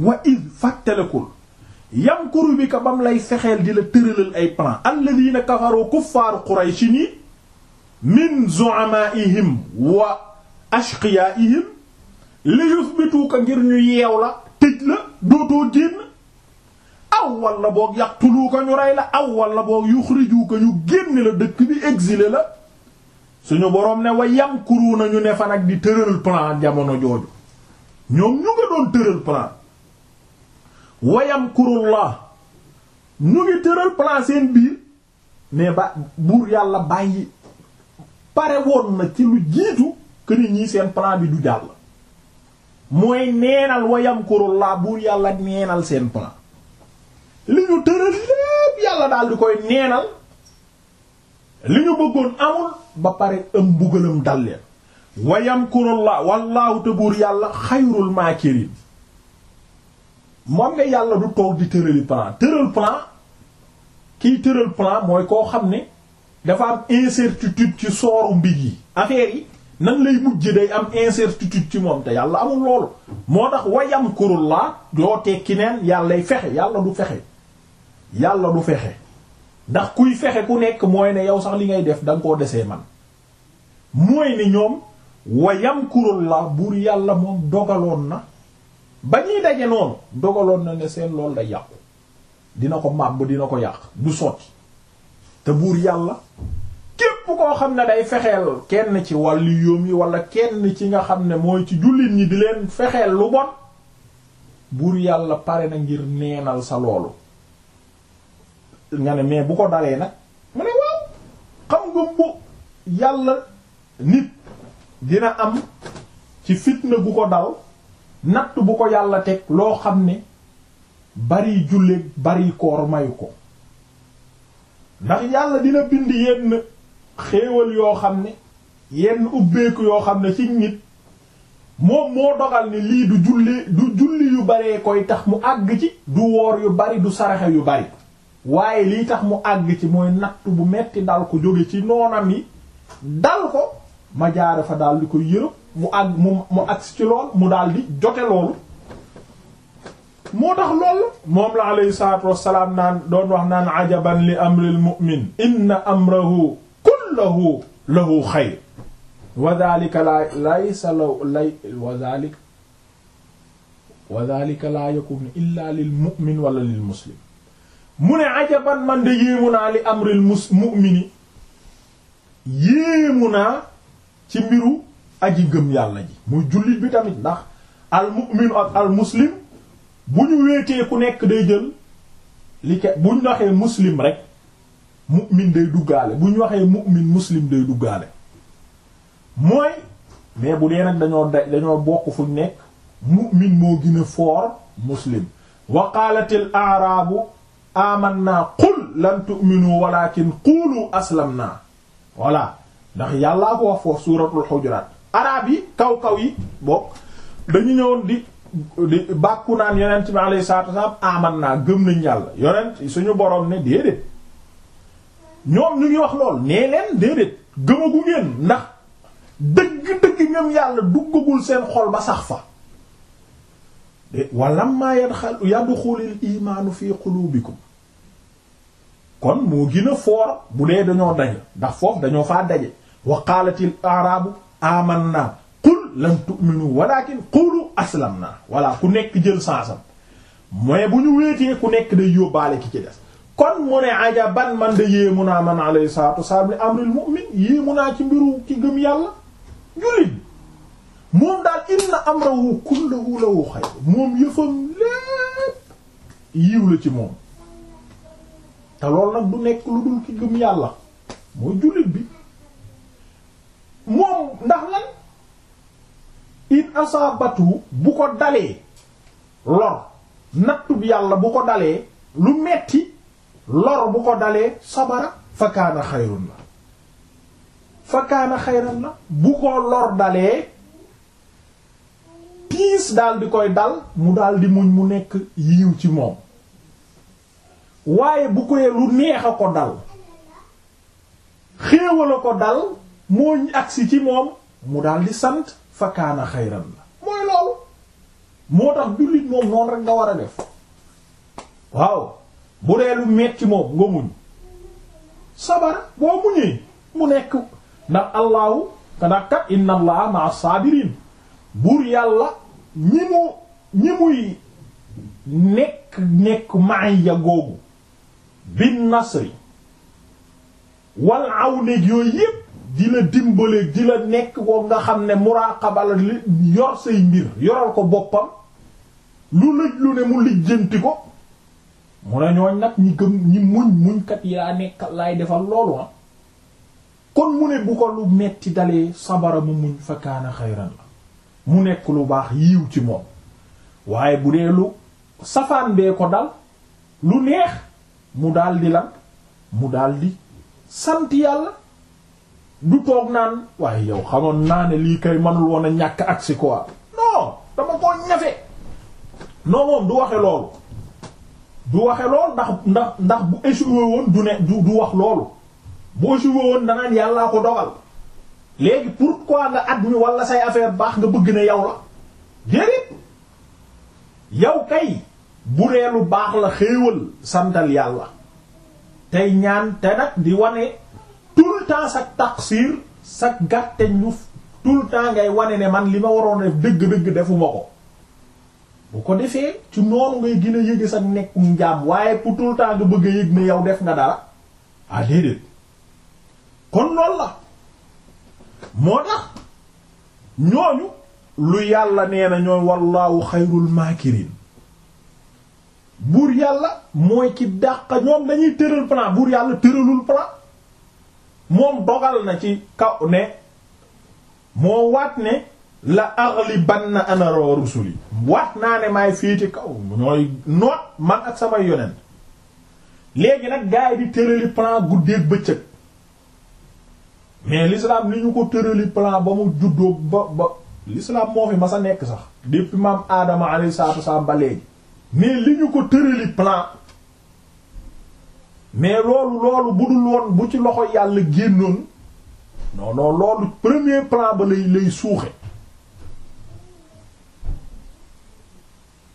wa id fàttalekul yamkuru bi ka bam lay sexeel di la tëralal ay plan alladina kafaru kuffaaru qurayshi ni min zu'amaihim wa ashqiyaihim li yuthbituka ngir ñu yeew la tëj la dootoo génn aw walla boog yaqtuluuka ñu rey la aw walla boog yuxrijuuka ñu génn la dëkk bi exilé la suñu boroom ne wa yamkuru nañu ne fa nag di tëral plan jamono jooju ñoom ñu nga doon tëral plan wayam kurullah ñu ngi tëral plan seen biir mais ba buur yàlla bàyyi pare woon na ci lu jiitu que ni seen plan bi du jàll mooy neenal wayam kurullah buur yàlla neenal seen plan li ñu tëral lépp yàlla daal di koy neenal li ñu bëggoon amul ba pare am mbugalam dal leen wayam kurullah wallaahu te buur yàlla xayrul maakirin moom nga yàlla du toog di tërali plan tëral plan kiy tëral plan mooy koo xam ne dafa am incertitude ci sooru mbir yi affaire yi nan lay mujje day am incertitude ci moom te yàlla amul loolu moo tax wayam kurul laa doo tekki neen yàllay fexe yàlla du fexe yàlla du fexe ndax kuy fexe ku nekk mooy ne yow sax li ngay def da koo desee man mooy ne ñoom wayam kurul laa buur yàlla mu dogaloon na ba ñuy daje noonu dogaloon na ne seen loolu day yàqu dina ko màbb dina ko yàq du sotti te buur yàlla képp koo xam ne day fexeel kenn ci wàllu yoom yi wala kenn ci nga xam ne mooy ci jullit ñi di leen fexeel lu bon buur yàlla pare na ngir neenal sa loolu nga ne mais bu ko dalee nag mu ne waaw xam nga bu yàlla nit dina am ci fitna bu ko dal natt bu ko yàlla teg loo xam ne bari julleek bari koor mayu ko ndax yàlla dina bind yenn xéewal yoo xam ne yenn ubbeeku yoo xam ne ci nit moom moo dogal ne lii du julli du julli yu baree koy tax mu àgg ci du woor yu bari du saraxe yu bari waaye lii tax mu àgg ci mooy natt bu metti dal ko jóge ci noonam yi dal ko ma jaare fa dal di yërëb mu àgg mu mu agsi ci lool mu daal di jote loolu moo tax loolu moom la alayhi salaatu wassalaam naan doon wax naan ajaban li amril mu'min inna amrahu kullahu lahu xayr wa la laysa law wa dhalik la yakunu illa lil mu'min wala lil muslim mu ne ajaban man de yéemu naa li amril mus mu'mini yéemu naa ci mbiru aji gëm yàlla ji muy jullit bi tamit ndax al mu'minu ak al muslim bu ñu weetee ku nekk day jël li ke bu ñu waxee muslim rek mu'min day duggaale bu ñu waxee mu'min muslim day duggaale mooy mais bu dee nag dañoo bokk fu nekk mu'min moo gën a foor muslim wa qaalatil aaraabu amanna qul lan tu'minu walakin qulu aslamna voilà ndax yàllaa ko wax foofu suuratul xujuraat araab yi kaw kaw yi bokk dañu ñëwoon di di bàkku naan yonent bi alayhi salaatu wasallam aman naa gëm nañ yàlla yonent suñu boroom ne déedéet ñoom ñu ngi wax lool nee leen déedéet gëmagu ngeen ndax dëgg-dëgg ñoom yàlla duggagul seen xol ba sax fa walammaa yadxulul imaanu fi quluubikum kon moo gën foor bu dee dañoo daje ndax foofu dañoo faa daje wa qaalatil araabu amanna qul lam tu'minu walakin qulu aslamna voilà ku nekk jël sansam mooy bu ñu wéetee ku nekk day yóbbaale ki ci des kon mu ne ajaban man de yéemu naa man alayhi salatu wassalam li amril mu'min yéemu naa ci mbiru ki gëm yàlla jullit moom daal inna amrahu kullahu lahu xayr moom yëfam lépp yiw la ci moom te loolu nag du nekk lu dul ki gëm yàlla mooy jullit bi moom ndax lan in asaabatu bu ko dalee lor nattu yàlla bu ko dalee lu metti lor bu ko dalee sabara fa kaana xayrun la fa kaana xayran la bu ko lor dalee tiis daal di koy dal mu daal di muñ mu nekk yiw ci moom waaye bu koy lu neex a ko dal xéewal a ko dal moo agsi ci moom mu daldi sant fa kaana xayran la mooy loolu moo tax jullit moom noonu rek nga war a def waaw bu dee lu moom nga muñ sabara boo muñee mu nekk ndax allahu ndax kat inna allaha ma'a saabiriin buur yàlla ñi mu ñi muy nekk nekk maaya googu bin wal aw néeg yooyu yépp di la dimbale di la nekk ko nga xam ne muraqaba la yor say mbir yoral ko boppam lu lëj lu ne mu lijjanti ko mu ne ñooñ nag ñi gëm ñi muñ muñkat yi laa nekkal laay defal loolu ah kon mu ne bu ko lu metti dalee sabara mu muñ fa kaana xayran la mu nekk lu baax yiw ci moom waaye bu dee lu safaan bee ko dal lu neex mu daldi lan mu daldi sant yàlla du toog naan waaye yow xamoon naa ne lii kay manul woon a ñàkk agsi quoi non dama koo ñafe non moom du waxe loolu du waxe loolu ndax ndax ndax bu échoué woon du ne du wax loolu boo échoué woon danaan yàllaa ko dogal léegi pourquoi nga admis wala say affaire baax nga bëgg ne yow la déedéet yow kay bu dee lu baax la xéewal santal yàlla tey ñaan te nag di wane tout le temps sa taqsir gàtte ñu tout le temps ngay wane ne man li ma waroon def dëgg-dëgg defuma ko bu ko defee ci noonu ngay gën a yëge sa nekkum njaam waaye pour tout nga bëgg a yëg yow def nga dara ah déedéet kon loolu la moo tax ñooñu lu yàlla nee na ñooy wallaahu xayrul maakirin buur yàlla mooy ki dàq ñoom dañuy tëral plan buur yàlla tëralul plan moom dogal na ci kaw ne moo waat ne la aghlibanna ana wa rusuli waat naa ne maay féete kaw ñooy noot man ak samay yonent léegi nag gaay di tërali plan guddeeg bëccëg mais l'islam li ñu ko tërali plan ba mu juddoo ba ba l'islam moo fi mas a nekk sax depuis maam aadama alayhi salaatu wasalaam ba léegi mais li ñu ko tërali plan mais loolu loolu bu dul woon bu ci loxo yàlla génnoon non loolu premier plan ba lay lay suuxe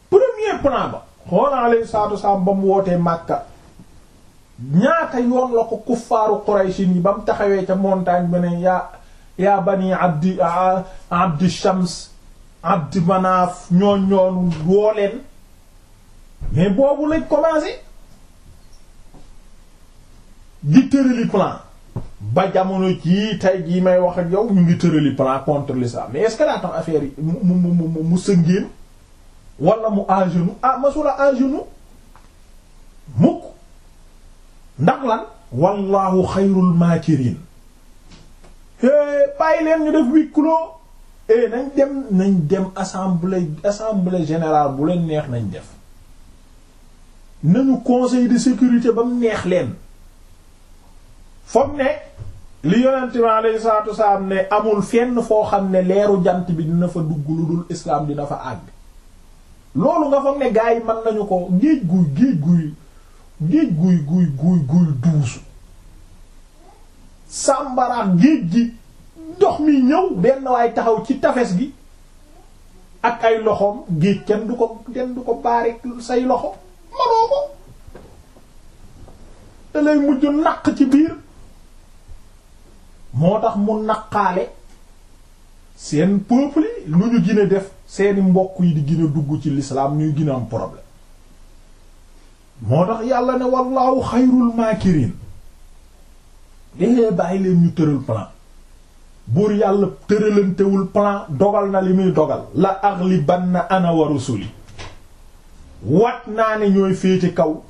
premier plan ba xoolaa alayhi salaatu wasalaam ba mu wootee Makka ñaata yoon la ko kuffaaru Qurayshin yi ba mu taxawee ca montagne ba ne yaa yaa bani abdi abdi shams abdi manaaf ñooñ ñoonu woo leen mais boobu lañ commencé di tërali plan ba jamono jii tey jii may wax ak yow ñu ngi tërali plan contre l'islam mais est-ce que daa tax affaire yi mu mu mu mu sëngéen wala mu à genoux ah masula à genoux mukk ndax lan wallahu xayrul maakirin eh, bàyyi leen ñu def huis clos e eh, nañ dem nañ dem assemblée assemblée général bu leen neex nañ def nañu conseil de sécurité ba mu neex leen foog ne li yonent bi alayhi salaatu wasalaam ne amul fenn foo xam ne leeru jant bi dina fa dugg lu dul islaam dina fa àgg loolu nga foog ne gaa yi nañu ko géej guy géej guy géej guy guy guy guy duusu sàmbaraat géej gi ndox mi ñëw benn waay taxaw ci tafes gi ak ay loxoom géej kenn du ko kenn du ko baari say loxo manoo ko lay mujj naq ci biir moo tax mu naqaale seen peuple yi lu ñu gën def seeni mbokk yi di gën dugg ci l'islam ñuy gën a am problème moo tax yàlla ne wallaahu xayrul maakirin dee bàyyi leen ñu tëral plan buur yàlla tëralantewul plan dogal na li muy dogal la aghlibanna ana wa rusuli wat naa ne ñooy ci kaw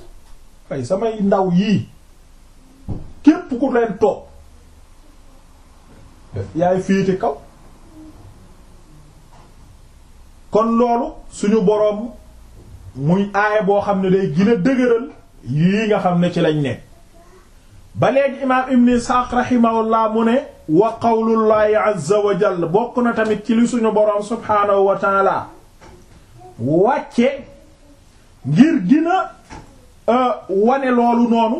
ay samay ndaw yii képp ku leen topp yaay féete kaw kon loolu suñu boroom muy aaya boo xam ne day gën a dëgëral yii nga xam ne ci lañ ne ba léegi imaam ibn isxaaq rahimahullah mu ne wa qawlullaahi azza wa bokk na tamit ci li suñu boroom subhaanahu wa taala wàcce ngir gën euh, wane loolu noonu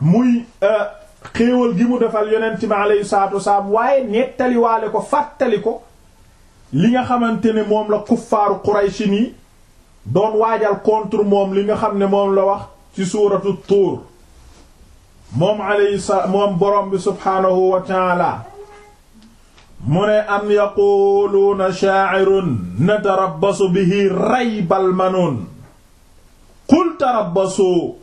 muy euh, xéewal gi mu defal yonent bi alayhi salaatu wasalaam waaye nettaliwaale ko fàttali ko li nga xamante ne moom la kuffaaru Quraysh nii doon waajal contre moom li nga xam ne moom la wax ci suuratu Tuur moom alayhi sa moom borom bi subhaanahu wa taala mu ne am yaquluuna shaa'irun natarabbasu bihi raybal manuun qul tarabbasu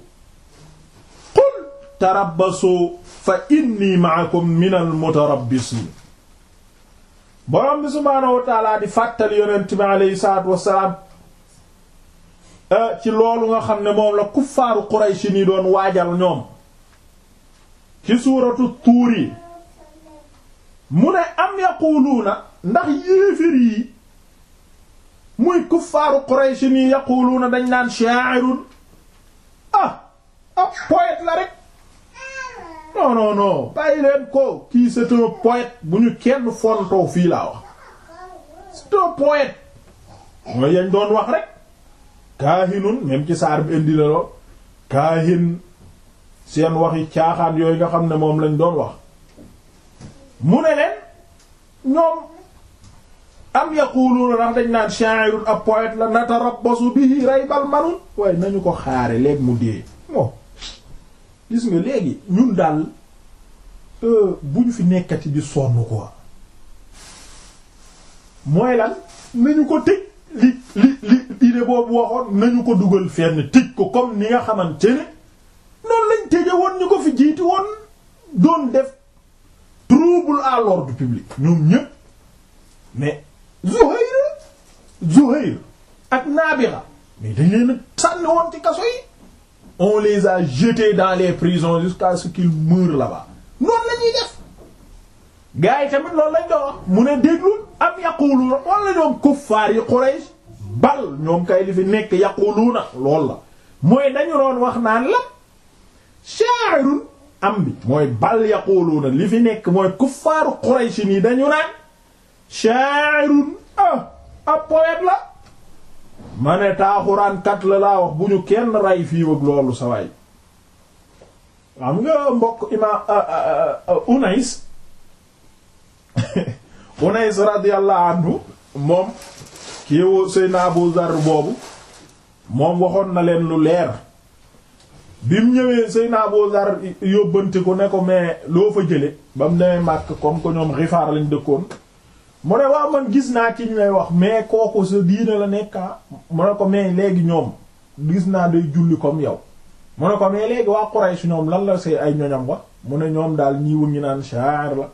qul tarabbasu fa inni ma'akum minal mutarabbisiin borom bi subhaanahu wa di fàttali yonent bi aleyhi salaatu wassalaam eh, ci loolu nga xam ne moom la kuffaaru Quraysh ni doon waajal ñoom ci suuratu tuur yi mu ne am yaquluuna ndax yéefér muy kuffaaru Quraysh ni yaquluuna dañ naan sha'irun ah ab ah, la rek non non non bàyyi leen ko kii c'est un bu ñu kenn fontoo fii laa wax c'est un poète yañ doon wax rek kaahinun même ci saar bi indi la lool kaahin seen waxi caaxaan yooyu nga xam ne moom lañ doon wax mu ne leen ñoom am yaquluuna ndax dañ naan sha'irun ab poète la natarabbasu bihi raybal manun waaye nañu ko xaare léegi mu dee gis nga léegi ñun daal e, bu ñu fi nekkati di sonn quoi mooy lan nañu ko tëj li li li idée boobu waxoon nañu ko dugal fenn tëj ko comme ni nga xaman ne noonu lañ tëje woon ñu ko fi jiiti woon doon def trouble à l'ordre public ñoom ñëpp mais Zuhayr Zuhayr ak Nabira mais dañ leen sànni woon ci kaso yi on les a jetés dans les prisons jusqu'à ce qu'ils meurent là-bas noonu la ñuy def gars yi tamit loolu lañ doon wax mu ne déglul am yaquluuna wala ñoom kuffaar li fi nekk yaquluuna loolu la mooy dañu doon wax naan la sha'irun am bi mooy bal yaquluuna li fi nekk mooy kuffaaru Quraysh nii dañu naan sha'irun ah ab la ma ne taaxuraan la laa wax bu ñu kenn rey fii ak loolu sa waay xam nga mbokk imaam Unays Unays radiyallahu anhu moom kiiwu Seydina Abu Zar boobu moom waxoon na leen lu leer bi mu ñëwee Seydina Abu Zar yóbbante ko ne ko mais loo fa jële ba mu demee màkk comme que ñoom Gifaar lañ dëkkoon mu ne waaw man gis naa ci ñu lay wax mais kooku sa diine la nekk ah. mu ne ko mais léegi ñoom gis naa day julli comme yow mu ne ko mais léegi waa Quraysh ñoom lan la see ay ñoñam wax mu ne ñoom daal ñii wu ngi naan shaa'ir la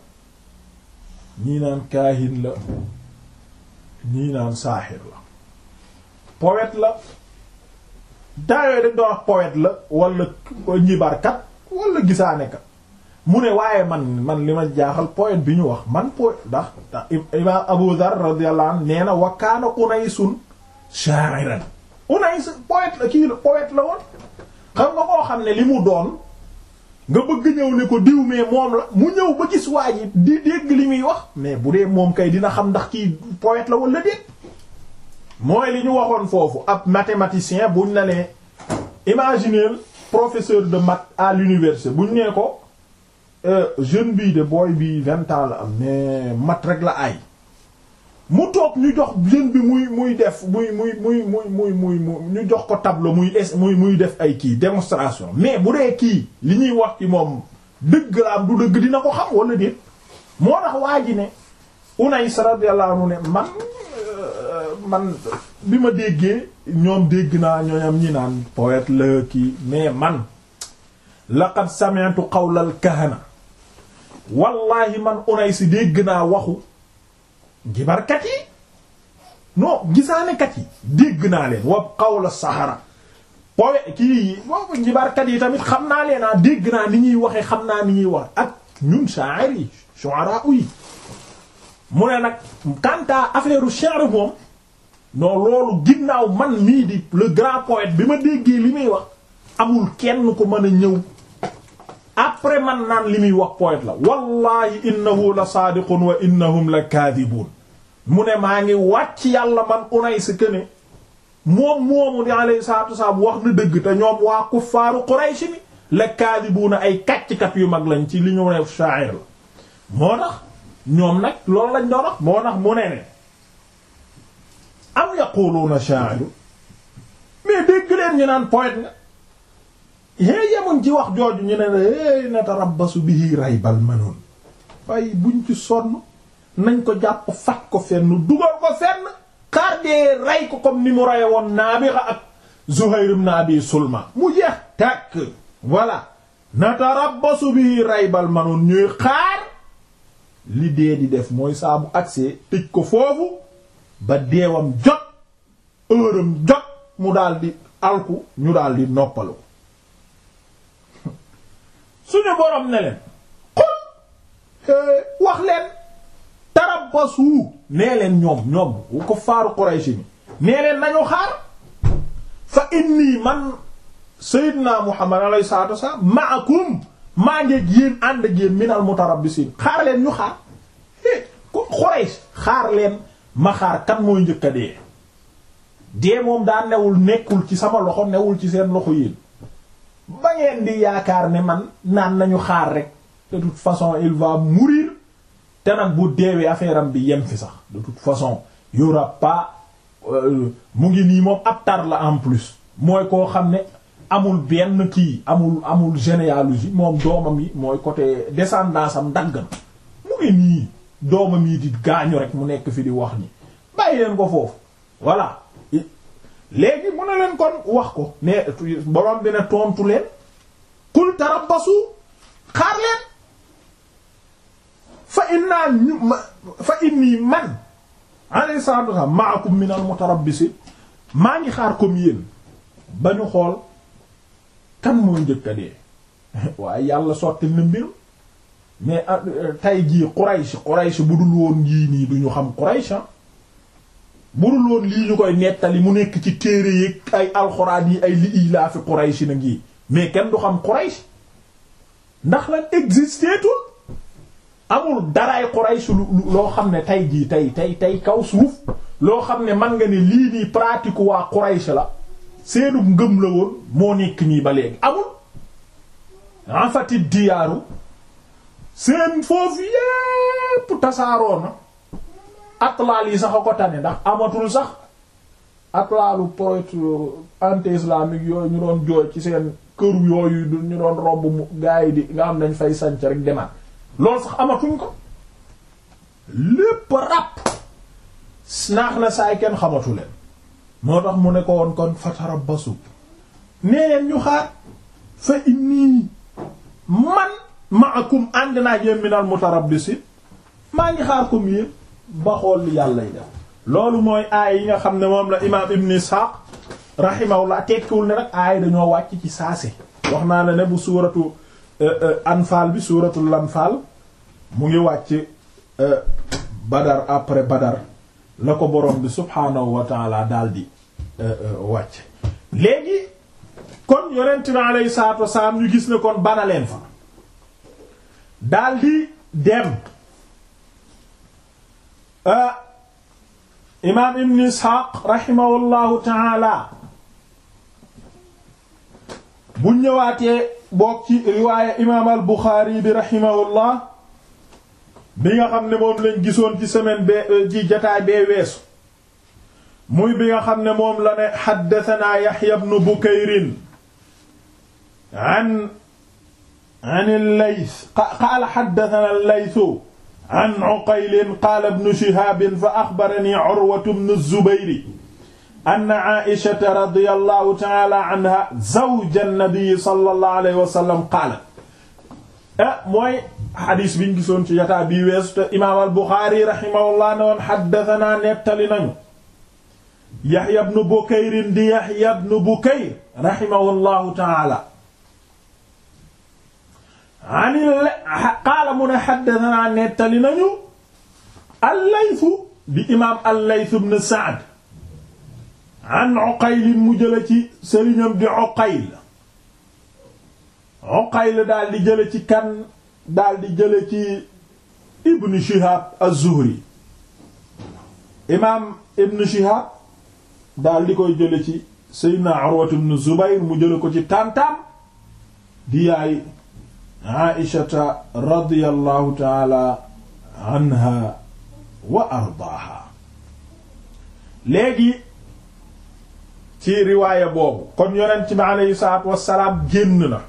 ñii naan kaahin la ñii naan saaxir la poète la daawee dañ doon wax poète la wala njibarkat wala gisaanekat mu ne waaye man man li ma jaaxal poète bi ñu wax man poète ndax imaam Abu Dharr radiyallahu anhu nee na wa kaana Unaysun sha'iran Unays poète la kii la poète la woon xam nga koo xam ne li mu doon nga bëgg ñëw ne ko diw mais moom la mu ñëw ba gis waa ji di dégg li muy wax mais bu dee moom kay dina xam ndax kii poète la wala déet mooy li ñu waxoon foofu ab mathématicien buñ la nee imaginer professeur de mat à l'université buñ nee ko Euh, jeune bii de booy bi vingt ans la am mais mat rek la ay mu toog ñu jox jeune bi muy muy def muy muy muy muy muy muy ñu jox ko tableau muy muy muy def ay kii démonstration mais bu dee kii li ñuy wax moom dëgg dina ko xam wala déet moo tax waa ji man euh, man bi ma déggee ñoom dégg naa ñooñam ñi naan poète la kii mais man la laqad sami'tu qawla al-kahana wallahi man si dégg naa waxu jibarkat yi non gisaanekat yi dégg naa leen wa qawla sahara powe kii boobu jibarkat yi tamit xam naa leen ah dégg naa ni ñuy waxee xam naa ni ñuy wax ak ñun sha'ir yi shu'ara yi mu ne nag kanta affaire shi'r moom non loolu ginnaaw man mii di le grand poète bi ma déggee li muy wax amul kenn ko mën a ñëw après man naan li muy wax poète la wallahi innahu la saadiqun wa innahum la kaadibuun mu ne maa ngi wàcc yàlla man Unays këne moom moomu di alayhi salaatu wasalaam wax na dëgg te ñoom waa kuffaaru Quraysh mi la kaadibuuna ay kàcckat yu mag lañ ci li ñu ne sha'ir la moo tax ñoom nag loolu lañ doon wax moo tax mu ne ne am yaquluuna sha'ir mais dégg leen ñu naan poète nga hee yemuñ ci wax jooju ñu ne la hee natarabbasu bihi raybal manoon waaye buñ ci sonn nañ ko jàpp fat ko fenn dugal ko fenn xaar dee rey ko comme ni mu reye woon Naabixa ak Zuhayr ibn Abi Sulma mu jeex tàkk voilà natarabbasu bihi raybal manoon ñuy xaar li dee di def mooy saabu bu agsee tëj ko foofu ba deewam jot heuram jot mu daldi alku ñu daldi noppalu su borom ne leen xul euh, wax leen tarabbasu nee leen ñoom ñoom wu ko faaru Quraysh ni nee leen nañu xaar fa inni man sayyidna Muhammad alayhi salaatu wasallam ma'akum maa ngeeg yéen ànd ak yéen minal mutarabbisiin xaar leen ñu xaar eh, ko Quraysh xaar leen ma xaar kan mooy njëkk a dee dee moom daa newul nekkul ci sama loxo newul ci seen loxo yéen ba ngeen di yaakaar ne man naan nañu xaar rek de toute façon il va mourir te nag bu deewee affaire am bi yem fi sax de toute façon y aura euh, mu ngi nii moom ab la en plus mooy koo xam ne amul benn kii amul amul généalogie moom doomam yi mooy côté descendance am dagg na mu ngi nii doomam yi di gaañu rek mu nekk fi di wax ni bàyyi leen ko foofu voilà léegi mu ne leen kon wax ko mais borom bi ne tontu leen kul tarabbasu xaar leen fa innaa fa innii man alayhi salaatu wasallam ma'akum minal mutarabbisiin maa ngi xaar comme yéen ba ñu xool kan mooy njëkk a dee waaye yàlla sotti na euh, tay jii Quraysh Quraysh bu dul woon yii nii du ñu xam Quraysh ah. burul woon lii ñu koy nettali mu nekk ci téere yi ay alxuraan yi ay li ilaafi Quraysh na ngi mais kenn du xam Quraysh ndax lan existeetul amul daraay Quraysh lu loo xam ne tey jii tey tey tey kaw suuf loo xam ne man nga ne lii nii pratique waa Quraysh la seenu ngëm la woon moo nekk nii ba léegi amul en fait diyaaru seen foofu yépp tasaaroona atlaal yi sax a ko tane ndax amatul sax atlaalu projet anti-islamique yooyu ñu doon jooy ci seen kër yooyu ñu doon romb mu gaa di nga xam nañ fay sanc rek demaat loolu sax amatuñ ko lépp ràpp naax na saay kenn xamatu leen moo tax mu ne ko woon kon fatarabbasu nee leen ñu xaar fa inni man ma'akum ànd naa yéen minal mutarabbisi maa ngi xaar comme yéen ba xool li yàlla yi def loolu mooy aay yi nga xam ne moom la imaam ibn Ishaq rahimahullah tekkiwul ne rek aay dañoo wàcc ci saase wax naa la ne bu suuratu euh, euh, anfaal bi suuratul anfaal mu ngi wàcc euh, badar après badar la ko borom bi subhaanahu wa taala daal di wàcc léegi kon yonent na alayhi salaatu wasalaam ñu gis ne kon banaleen fa dal di dem Ah, imaam ibn isxaaq raximahullahu taala bu ñëwaatee bokk ci riwaaya imaam al buxaari bi raximahullah bi nga xam ne moom lañ gisoon ci semaine bee euh, ci jataay bee weesu muy bi nga xam ne moom la ne xaddatanaa yaxya ibn bukayrin an an al layth qaala xaddatanaa al laythu an Uqayl qaala ibnu Shihaab fa axbaranii Urwatu bnu Zubayr anna Aa'ishata radiyallaahu ta'aalaa anhaa zawja nabiyyi sallallaahu alayhi wa sallam qaalat ah eh, mooy xadis biñ gisoon ci yataa bii weesu te imaam al-Buxaari rahimahullah ne woon haddathanaa nettali nañu Yahya ibnu Bukayr di Yahya ibnu Bukayr rahimahullahu ta'aalaa anil qaala mu ne xaddatanaa nettali nañu allaytu di imaam allaytu ibn saad an uqayl mu jële ci sëriñam di uqayl uqayl daal di jële ci kan daal di jële ci ibn shihab az-zuhri imaam ibn shihab daal di koy jële ci sayyidina urwat ibn zubayr mu jële ko ci tàntaam di yaay Aïshata radiyallahu taala anha wa ardaaha léegi ci riwaaya boobu kon yonent bi aleyhi salaatu wassalaam génn na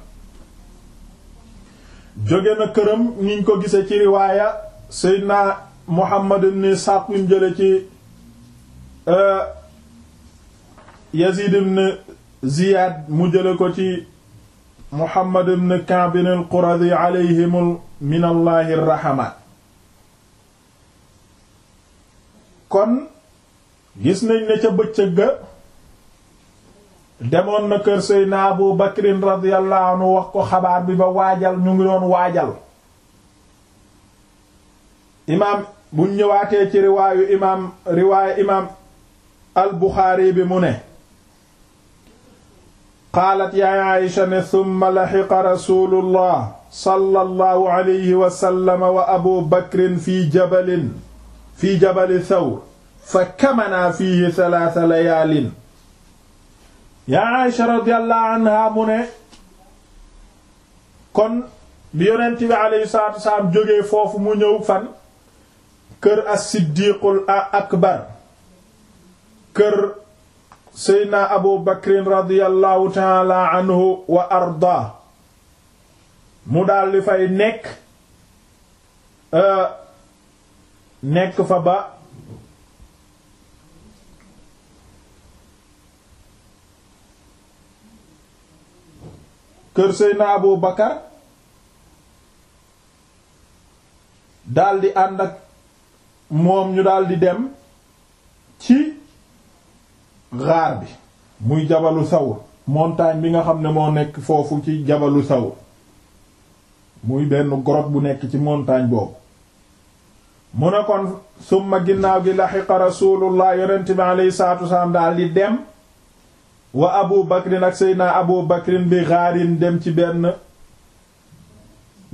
jóge na këram niñ ko gise ci riwaaya seydna Muhammad ibn Isaaq bi mu jële ci euh, Yazid mu jële ko ci Muhammad ibn Ka'b al-Quradi alayhim min Allahi kon gis nañ ne ca bëccëg ga demoon na kër Seydina Abu Bakrin radiyallahu anhu wax ko xabaar bi ba waajal ñu ngi doon waajal imaam buñ ñëwaatee ci riwaayu imaam riwaayu imaam al-Bukhari bi mu ne qaalat yaa Aysha ne summa laxiqa rasulullah sallallahu alayhi wa sallam wa abu bakrin fii jabalin fii jabali thawr fa kamanaa fiihi thalaatha layaalin yaa Aysha radiyallahu anha mu ne kon bi yonent bi alayhi salaatu wasalaam jógee foofu mu ñëw fan kër as-siddiqul akbar kër seydna abu bakrin radiallahu taala anhu wa arda mu daldi fay nekk euh, nekk fa ba kër seydna abu bakar daldi ànd ak moom ñu daldi dem ci xaar bi muy jabalu sawr montagne bi nga xam ne moo nekk foofu ci jabalu sawr muy benn grotte bu nekk ci montagne boobu mu ne kon summa ginnaaw gi laxiqa rasulullah yonent bi aleyhi salatu wasalaam daal di dem wa abu bakrin ak seydna abu bakrin bi xaarin dem ci benn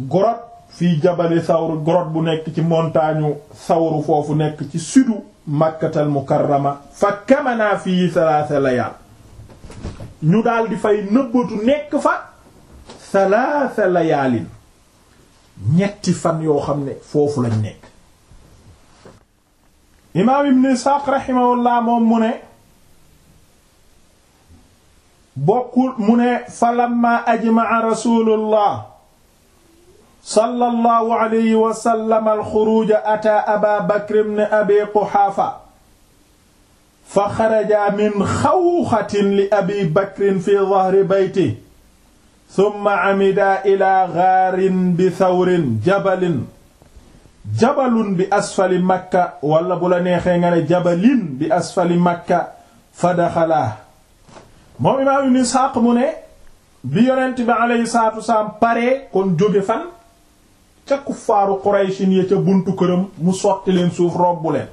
grotte fii jabali sawru grotte bu nekk ci montagne sawru foofu nekk ci sudu makkatal mukarrama fa kamanaa fii salaasa layaal ñu daal di fay nëbbatu nekk fa salaasa layaalin ñetti fan yoo xam ne foofu lañ nekk imaam ibn isxaaq raximahullah moom mu ne bokkul mu ne falamma ajmaa rasulullah sallallahu alayhi wa sallam alxuruuja ataa aba bakr ibn abi quxaafa fa xaraja min xawxatin li abi bakrin fi dahri beyti summa amida ila gaarin bi thawrin jabalin jabalun bi asfali makka wala bu la neexee nga ne jabalin bi asfali makka fa daxalaa moom imaam ibn Isxaaq mu ne bi yonent bi aleyhi salaatu wasalaam paree kon jóge fan ca kuffaaru Qurayshin ya ca buntu këram mu sotti leen suuf robbu leen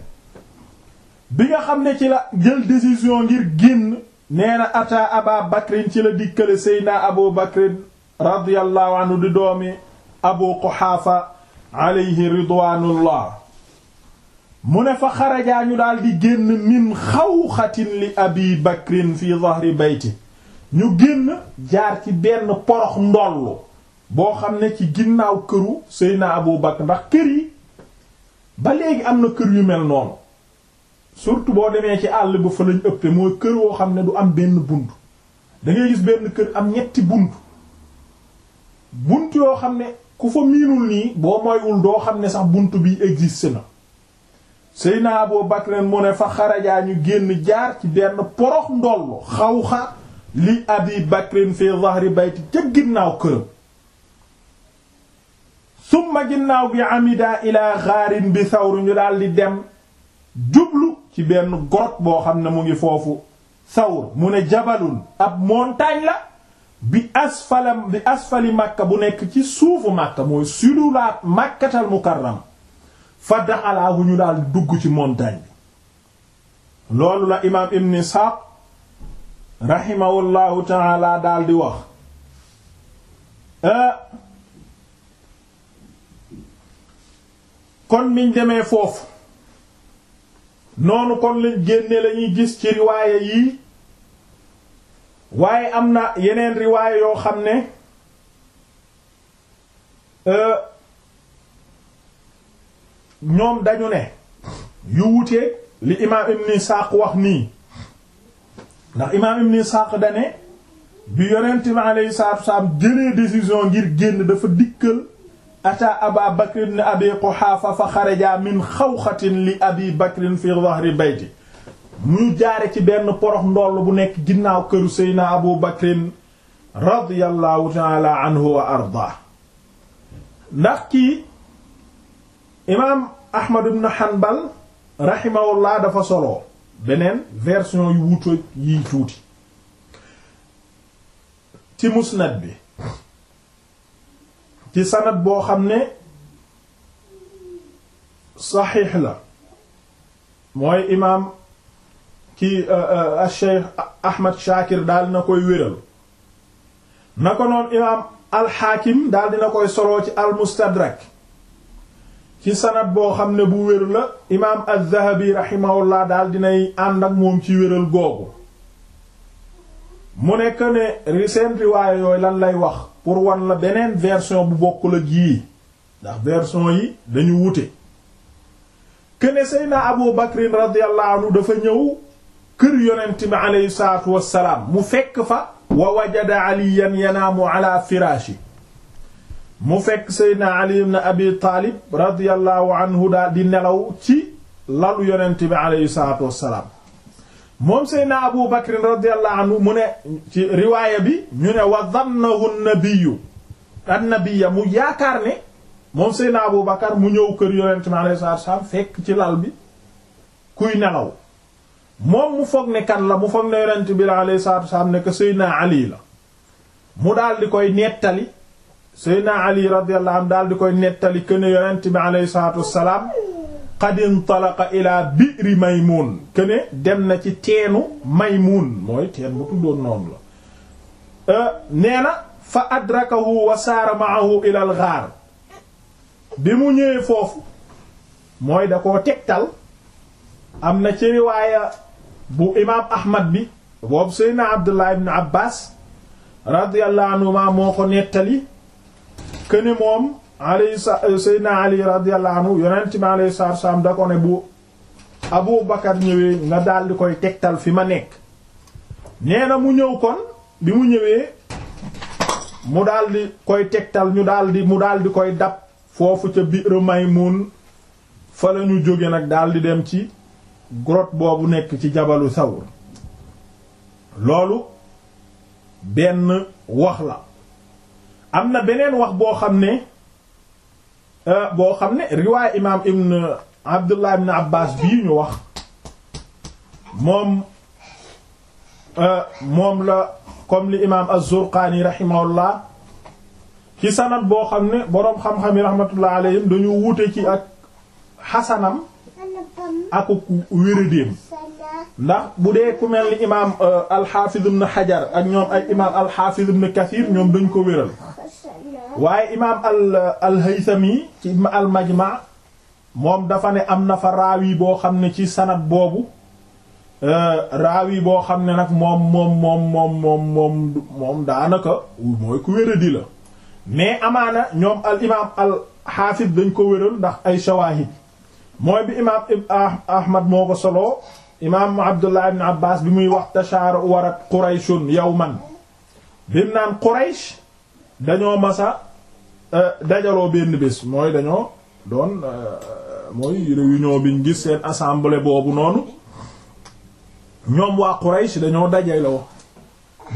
bi nga xam ne ci la jël décision ngir génn nee na ata aba bakrin ci la dikkale seydna abu bakrin radiyallahu anhu di doomi abu quxaafa alayhi ridwaanullah mu ne fa xarajaa ñu daal di génn min xawxatin li abi bakrin fi zahri bayti ñu génn jaar ci benn porox ndollu boo xam ne ci ginnaaw këru sëy Seyna Abu Bakr ndax kër yi ba léegi am na kër yu mel noonu surtout boo demee ci àll ba fa lañ ëppee mooy kër woo xam ne du am benn bunt da gis benn kër am ñetti bunt bunt yoo xam ne ku fa miinul nii boo moywul doo xam ne sax bunt bi existe na Seyna Abu Bakr mu ne fa xarajaa ñu génn jaar ci benn porox ndollu xaw xa li Abi Bakrin fi zahri bayti ca ginnaaw këram summa ginnaaw gi amida ilaa xaarin bi sawru ñu daal di dem jublu ci benn grotte boo xam ne mu ngi foofu sawr mu ne jabalun ab montagne la bi asfalam bi asfali màkka bu nekk ci suufu màkka mooy sudulaat màkkatal mukarram fa daxalaahu ñu daal dugg ci montagne bi loolu la imaam ibn isxaaq rahimahullahu taala daal wax euh, kon niñ demee foofu noonu kon lañ génne lañuy gis ci riwaaya yii waaye am na yeneen riwaaya yoo xam ne euh, ñoom dañu ne yu wute li imaam ibn Isaaq wax nii ndax imaam ibn Isaaq dane bi yonent bi alayhi salaatu wasalaam jëlee décision ngir génn dafa dikkal ataa aba bakr ibn abi quhaafa fa xaraja min xawxatin li abi bakrin fi dhahri bayti mu jaare ci benn porox ndoll bu nekk ginnaaw këru seyna abu bakrin radiyallahu taala anhu wa ardaa ndax kii imaam ahmad ibn hanbal rahimahullah dafa solo beneen version yu wuute yi tuuti ci musnad bi ci sanad boo xam ne saxiix la mooy imaam ki Cheikh uh, uh, Ahmad Shakir daal dina koy wéral na ko noon imaam alxaakim daal dina koy soloo ci almustadrak ci sanad boo xam ne bu wér la imaam az-Zahabi rahimahullah daal dinay ànd ak moom ci wéral googu mu nekk ne seen riwaaya yooyu lan lay wax pour wan la beneen version bu bokkul ak yii ndax version yi dañu wute këne Seydina Abu Bakrin radiyallahu dafa ñëw kër yonent bi aleyhi salaatu wassalaam mu fekk fa wa wajada aliyan yanaamu ala firaashi mu fekk Seydina Ali ibn Abi Taalib radiyallahu anhu daal di nelaw ci lalu yonent bi aleyhi salaatu wassalaam moom Seydina Abu Bakr radiyallahu mu ne ci riwaaya bi ñu ne wa zannahu nabiyyu annabiyya mu yaakaar ne moom Seydina Abu Bakr mu ñëw kër yonent mi alayhi salaatu wassalaam fekk ci lal bi kuy nelaw moom mu foog ne kan la mu foog ne yonent bi alayhi salaatu wassalaam ne la daal di koy nettali Seydina Ali radiyallahu qad intalaqa ila maymuun këne dem na ci teenu maymuun mooy teen bu tuddoon noonu la euh, nee na fa adrakahu wa saara ma'ahu ila al bi mu ñëwee foofu mooy da koo tegtal am na ci riwaaya bu imaam ahmad bi boobu seydna abdullah ibn abbas radiyallahu anhuma moo ko nettali këne moom ali saydna ali radiyallahu anhu yonent bi alayhi salaatu salaam da ko ne bu abu bakar nga daldi koy tegtal fi ma nekk nee na mu ñëw kon bi mu ñëwee mu daldi koy tegtal ñu daal mu daal di koy dab foofu ca biir Maymun fa la jóge nag daal dem ci grotte boobu nekk ci jabalu sawr loolu benn wax la am na beneen wax boo xam ne Euh, boo xam ne riwaay imaam ibn Abdullah ibn Abbas bii ñu wax moom euh, moom la comme li imaam az-Zurqaani rahimahullah ci sanad boo xam ne boroom xam-xam yi rahmatullah alayhim dañu wute ci ak xasanam ak wéradéem ndax bu dee ku mel ni imaam euh, al-Hafiz ibn ak ñoom ay imaam al-Hafiz Kathir ñoom dañ ko wéral waaye imaam al al-Haythami ci al-Majma' moom dafa ne am na fa raawi boo xam ne ci sanad boobu euh, raawi boo xam ne nag moom moom moom moom moom moom daanaka mooy ku wéradi la mais amaana ñoom al imaam al-Hafiz dañ ko wéral ndax ay shawaahid mooy bi imaam ah, Ahmad moo ko soloo imaam Abdullah ibn Abbas bi muy wax tashaara warat Qurayshun yawman bi mu naan Quraysh dañoo masa euh, dajaloo benn bés mooy dañoo doon euh, mooy réunion biñ gis seen assemblée boobu noonu ñoom waa si dañoo dajaloo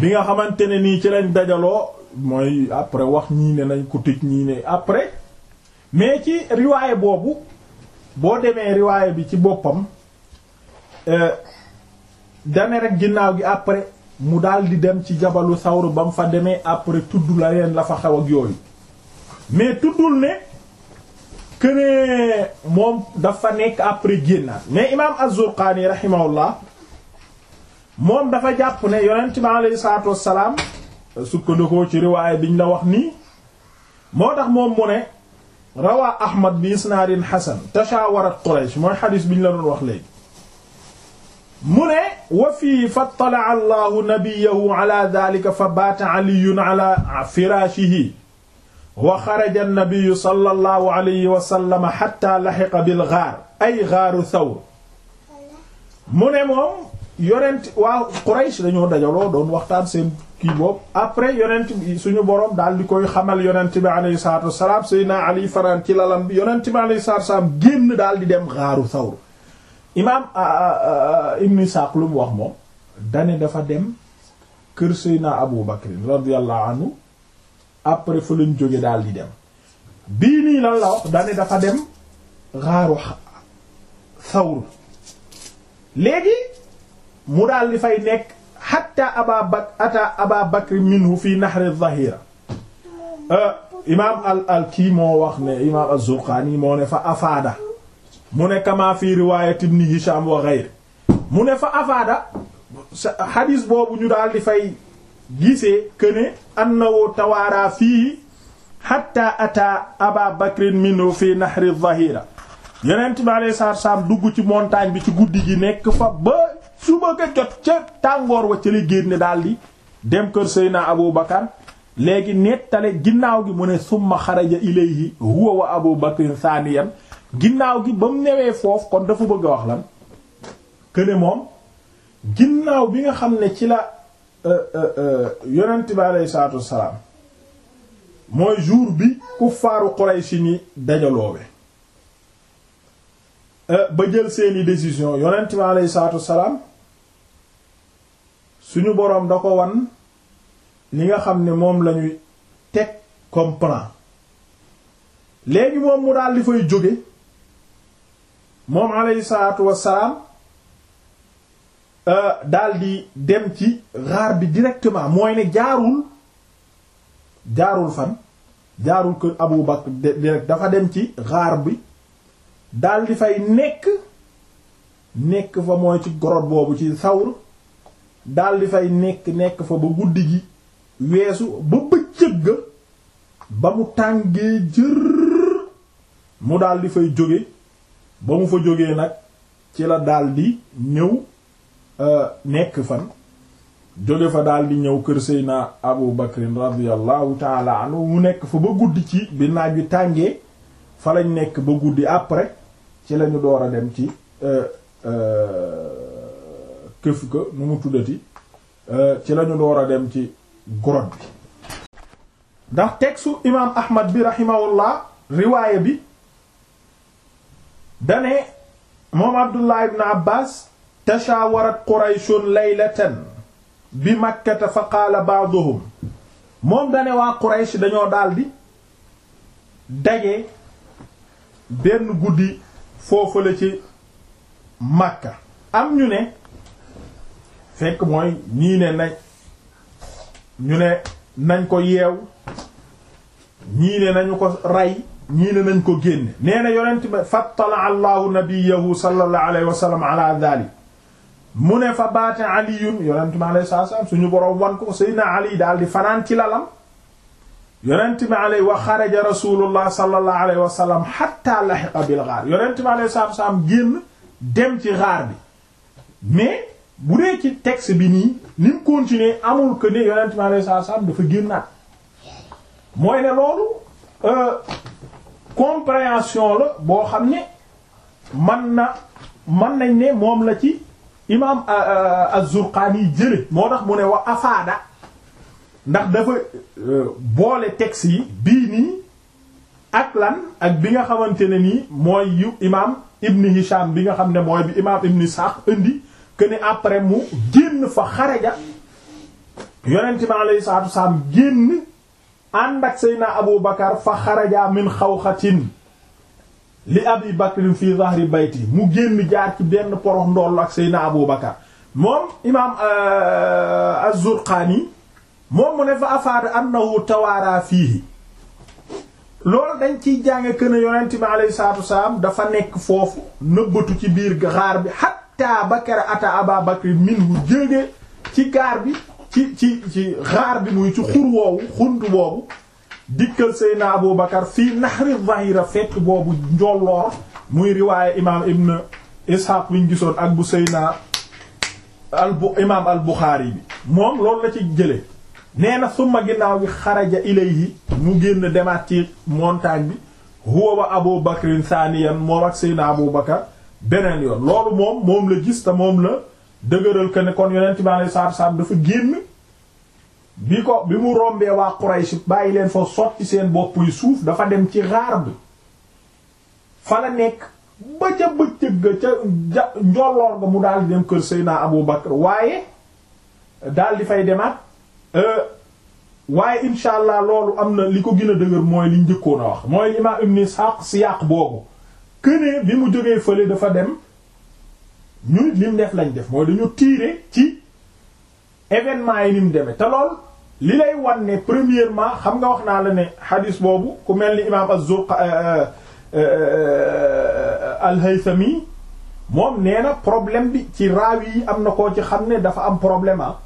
bi nga xamante ne nii ci lañ dajaloo mooy après wax ñii ne nañ ko tëj ne après mais ci riwaay boobu boo demee riwaay bi ci boppam euh, dane rek ginnaaw gi après mu daal di dem ci jabalu sawr ba mu fa demee après tudd la leen la fa xaw ak yooyu mais tuddul ne que ne moom dafa nekk après génnaat mais imaam az-Zurqaani rahimahullah moom dafa jàpp ne yonent bi aleyhi salaatu wassalaam sukkandikoo ci riwaaya biñ la wax nii moo tax moom mu ne rawaa Ahmad bi isnaadin hasan tashawarat Quraysh mooy xadiis biñ la doon wax léegi mu ne wa fii fattala allahu nabiyahu ala dalika fa baata aliyun ala firaashihi wa xaraja nabiyu sallallahu alayhi wa sallam xatta laxiqa bil gaar ay gaaru thawr mu ne moom yonent waa Quraysh dañoo dajaloo doon waxtaan seen kii boobu après yonent bi suñu boroom daal di koy xamal yonent bi alayhi salaatu wassalaam Seydina Ali faran ci lalam bi yonent bi alayhi salaatu wassalaam génn daal di dem gaaru thawr imaam ah, ah, ah, ibn Isaaq wax moom dane dafa dem kër Seydina Abu Bakr radiyallahu anhu après fa lañ jóge daal di dem bii nii lan la wax dane dafa dem xaaru Sawr léegi mu daal di fay nekk hatta aba bak ata aba Bakr minhu fi nahri dhahira imaam al al kii moo wax ne imaam az-Zurqaani moo ne fa afaada mu ne kama fi riwaayat ibn Hisham wa ghayr mu ne fa afaada xadiis boobu ñu daal fay gisee këne annahu tawaaraa fii hatta ata aba bakrin minhu fi nahri dhahira yonent bi alayhi dugg ci montagne bi ci guddi gi nekk fa ba suba nga ca tàngoor wa ca la génne daal di dem kër Seyna Abu Bakar léegi nettale ginnaaw gi mu ne summa xaraja ilayhi huwa wa Abu Bakrin saaniyan ginnaaw gi ba mu newee foofu kon dafa bëgg wax lan que ne moom ginnaaw bi nga xam ne ci la euh, euh, euh, yonent bi aleyhi salaatu wassalaam mooy jour bi ku faaru kuffaaru Quraysh ni dajaloowe ba jël seeni décision yonent bi aleyhi salaatu wassalaam suñu boroom da ko wan li nga xam ne moom lañuy teg comme plan léegi moom mu daal di fay jóge moom alayhi salaatu wassalaam euh, daldi dem ci xaar bi directement mooy ne jaarul jaarul fan jaarul kër Abu Bakr direct dafa dem ci xaar bi daldi fay nekk nekk fa mooy ci gorot boobu ci sawr daldi fay nekk nekk fa ba guddi gi weesu ba bëccëg ba mu tàngee jër mu daldi fay jóge ba mu fa jógee nag ci la daldi ñëw euh, nekk fan jóge fa daldi ñëw kër Seyna Abu Bakrin radiyallahu taala mu nekk fa ba guddi ci bi naaj wi tàngee fa lañ nekk ba guddi après ci lañu door a dem ci euh, euh, këf ka nu mu tuddati ci lañu door a dem ci grotte bi ndax texu imaam Ahmad bi rahimahullah riwaaya bi dane moom abdullah ibn abbas tashaawarat qurayshun laylatan bi makkata fa qaala ba'duhum moom dane waa quraysh dañoo daldi daje benn guddi foofu la ci makka am ñu ne fekk mooy ñii nañ ko yeew ñiine nañu ko ray ñii ne nañ ko génne nee na yonent ba fattala allahu nabiyahu sallallahu alayhi mu ne fa baate aliyun salaam suñu boroom wanko ko seydna ali daal di fanaan ci lalam yonent bi alayhi wa xaraja rasulullah sallallahu alayhi wa sallam hatta lahiqa bil ghaar yonent bi alayhi salaatu salaam génn dem ci xaar bi mais bu dee ci tex bi nii ni mu continuer amul que ne yonent bi alayhi salaatu salaam dafa génnaat mooy ne loolu euh, compréhension la boo xam ne man na man nañ ne moom la ci imaam euh, euh, az-Zurqaani jële moo tax mu ne wa afaada ndax dafa euh, boole texte yi bii nii ak lan ak bi nga xamante ne nii mooy yu imaam Ibn Hisham bi nga xam ne mooy bi imaam Ibn Sa'd indi que après mu génn fa xaraja yonent bi alayhi salaatu wa génn ànd ak Seydina Abu Bakar fa xaraja min xawxatin li Abi Bakrin fii zahri bayti mu génn jaar ci benn porox ndoll ak Seydina Abu Bakar moom imaam euh, az moom mu ne fa afaada annahu tawaara fiihi loolu dañ ci jànge kën a yonent bi salaatu wasalaam dafa nekk foofu nëbbatu ci biir gaar bi hatta bakara ata Aba Bakrin minhu jéege ci gaar bi ci ci ci xaar bi muy ci xur woowu xunt boobu dikkal Seyna Abu Bakar fii nahri dhahira fekk boobu njolloor muy riwaaye imaam Ibn Ishaq bi gisoon ak bu Seyna al bu imaam al Bukhari bi moom loolu la ci jële nee summa ginnaaw gi xaraja ilayhi mu génn demaat ci montagne bi huwa wa Abu Bakrin thaniyan moom ak Seyna Abu Bakar beneen yoon loolu moom la gis te moom la dëgëral que ne kon yonent bi alayhi saar salaam dafa génn bi ko bi mu rombee waa Quraysh bàyyi leen fa sotti seen bopp yi suuf dafa dem ci raar bi fa la nekk ba ca bëccëg ga ca njolloor nga mu daal di dem kër naa Abu Bakr waaye daal di fay demaat euh, waaye insha allah loolu am na li ko gën a dëgër mooy li njëkkoon a wax mooy li ma Ibn Ishaq siyaaq boobu kënee bi mu jógee fële dafa dem ñun lim def lañ def mooy dañu tirer ci événement yi ni mu demee te lool li lay wan ne premièrement xam nga wax naa la ne xadis boobu ku mel ni imaam az-Zurq euh, euh, euh, al-Haythami moom nee na problème bi ci raawi yi am na koo ci xam ne dafa am problème ah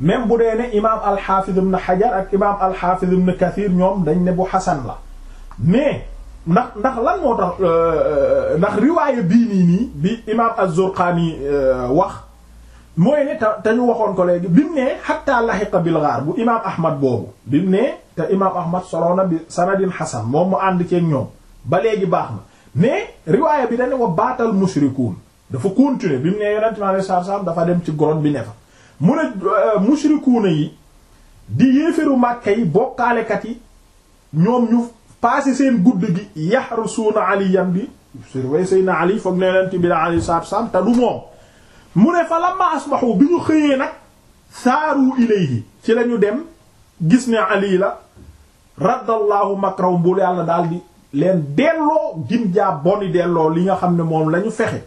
bu dee ne imaam al-Hafiz ibn Hajar ak imaam al-Hafiz ibn Kathir ñoom dañ ne bu xasan la mais. ndax ndax lan moo tax euh, euh, ndax riwaaya bii nii nii bi imaam az euh, wax mooy ne te te ñu waxoon ko léegi bi mu ne hatta lahiqa bil ghaar bu imaam Ahmad boobu bi mu ne te imaam Ahmad solo na bi sanadin hasan moom mu ànd ceeg ñoom ba léegi baax na mais riwaaya bi dañu wa baatal mushrikuun dafa continuer bi mu ne yonent mi alayhi salaam dafa dem ci grotte bi ne fa mu ne mushrikuuna yi di yéeferu Màkka yi bokkaalekat yi ñoom ñu. passé seen gudd gi yaxrusuuna aliyan bi surveille sayna ali foog ne leen ci biir ali saab saab te du moom mu ne fa lamma asbahu bi ñu xëyee nag saaru ilayhi ci lañu dem gis ne ali la raddallahu makrahum bu yàlla daal di leen delloo gin jaa boni delloo li nga xam ne moom la ñu fexe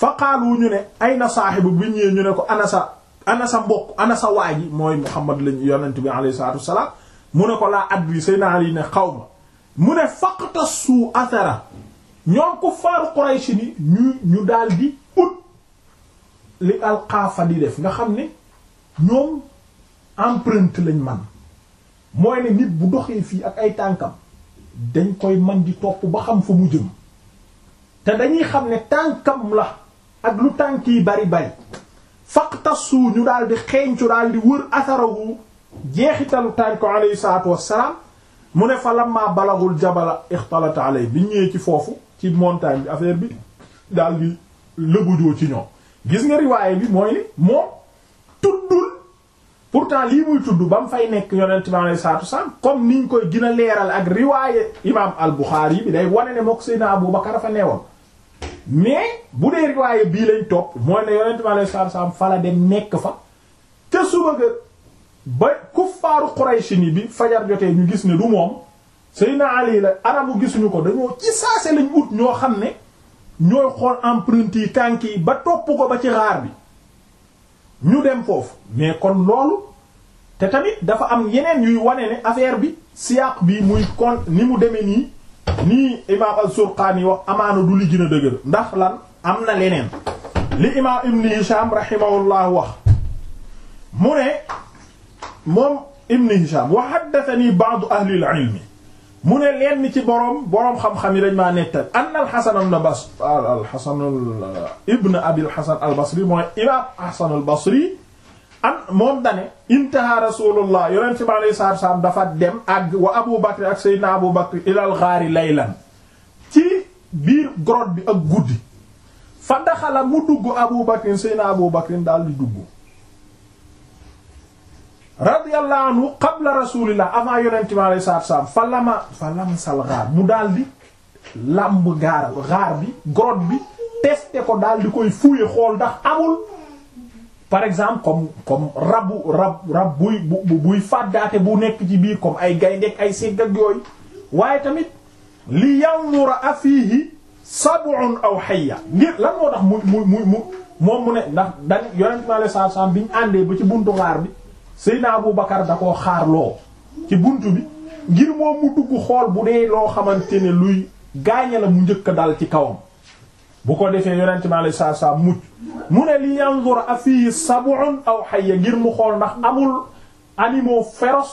fa qaalu ñu ne ayna saaxibu bi ñëwee ñu ne ko ana sa anasa sa mbokk anasa waa ji mooy muhammad lañu yonent bi alayhi salaatu wassalaam mu ne ko laa adri sayna ali ne xaw ma mu ne faqtasu athara ñoom ku faaru Quraysh ni ñu ñu daal di ut li alxaafa di def nga xam ne ñoom empreinte lañ man mooy ne nit bu doxee fii ak ay tànkam dañ koy man di topp ba xam fa mu jëm te dañuy xam ne tànkam la ak lu tànk yi bari bari faqtasu ñu daal di cu daal di wër wu jeexitalu tànk ko alayhi salaatu wassalaam mu ne fa lamma balagul jabala ixtalata alay bi ñëwee ci foofu ci montagne bi affaire bi daal di lëbujoo ci ñoom gis nga riwaaye bi mooy ni moom tuddul pourtant lii muy tudd ba mu fay nekk yonent bi alei salatu wasalaam comme niñ koy gën a leeral ak riwaaye imam al Buxaari bi day wane ne mook Seydina Abu Bakar fa neewoon mais bu dee riwaaye bii lañ topp mooy ne yonent bi alei salatu wasalaam fa nekk fa te suba ga ba kuffaaru Quraysh ni bi fajar jotee ñu gis ne du moom Seydina Ali la arabu gisuñu ko dañoo ci saase lañ ut ñoo xam ne ñooy xool empreinte yi tànk yi ba topp ko ba ci xaar bi ñu dem foofu mais kon loolu te tamit dafa am yeneen yuy wane ne affaire bi siyaaq bi muy kon ni mu demee nii nii imaam al-Surqaani wax amaana du li gën a dëgër ndax lan am na leneen li imaam Ibn Hisham rahimahullah wax mu ne moom Ibn Hisham wa haddathani ba'du ahli al-ilmi mu ne lenn ci boroom boroom xam-xam yi dañ maa nettal anna al-Hasan ibn Bas al-Hasan ibn Abi al-Hasan al-Basri mooy imaam Hasan al-Basri an moom dane intaha rasulullah yonent bi alayhi salaatu salaam dafa dem ak wa Abu Bakr ak Seydina Abu Bakr ilal ghaari laylan ci biir grotte bi ak guddi fa daxala mu dugg Abu Bakr Seydina Abu Bakr daal di dugg radiyallahu anhu qabla rasulillah avant yonent bi alayhi salaatu wa salaam fa lama fa mu daal di làmb gaar gaar bi grotte bi testé ko daal di koy fouiller xool ndax amul par exemple comme comme rabu rab buy bu buy bu nekk ci biir comme ay gaynde ay segg ak waaye tamit li yanzura afiihi sab'un aw hayya ngir lan moo tax mu mu mu moom mu ne ndax dañ yonent bi alayhi salaam bi ñu àndee ba ci buntu gaar bi Seydina Abu Bakar da koo xaarloo ci buntu bi ngir moom mu dugg xool bu dee loo xamante ne luy gaañe la mu njëkk dal ci kawam bu ko defee yonent mi alayhi salaatu salaam mucc mu ne li yanzur afihi sab'un aw hayya ngir mu xool ndax amul animaux feros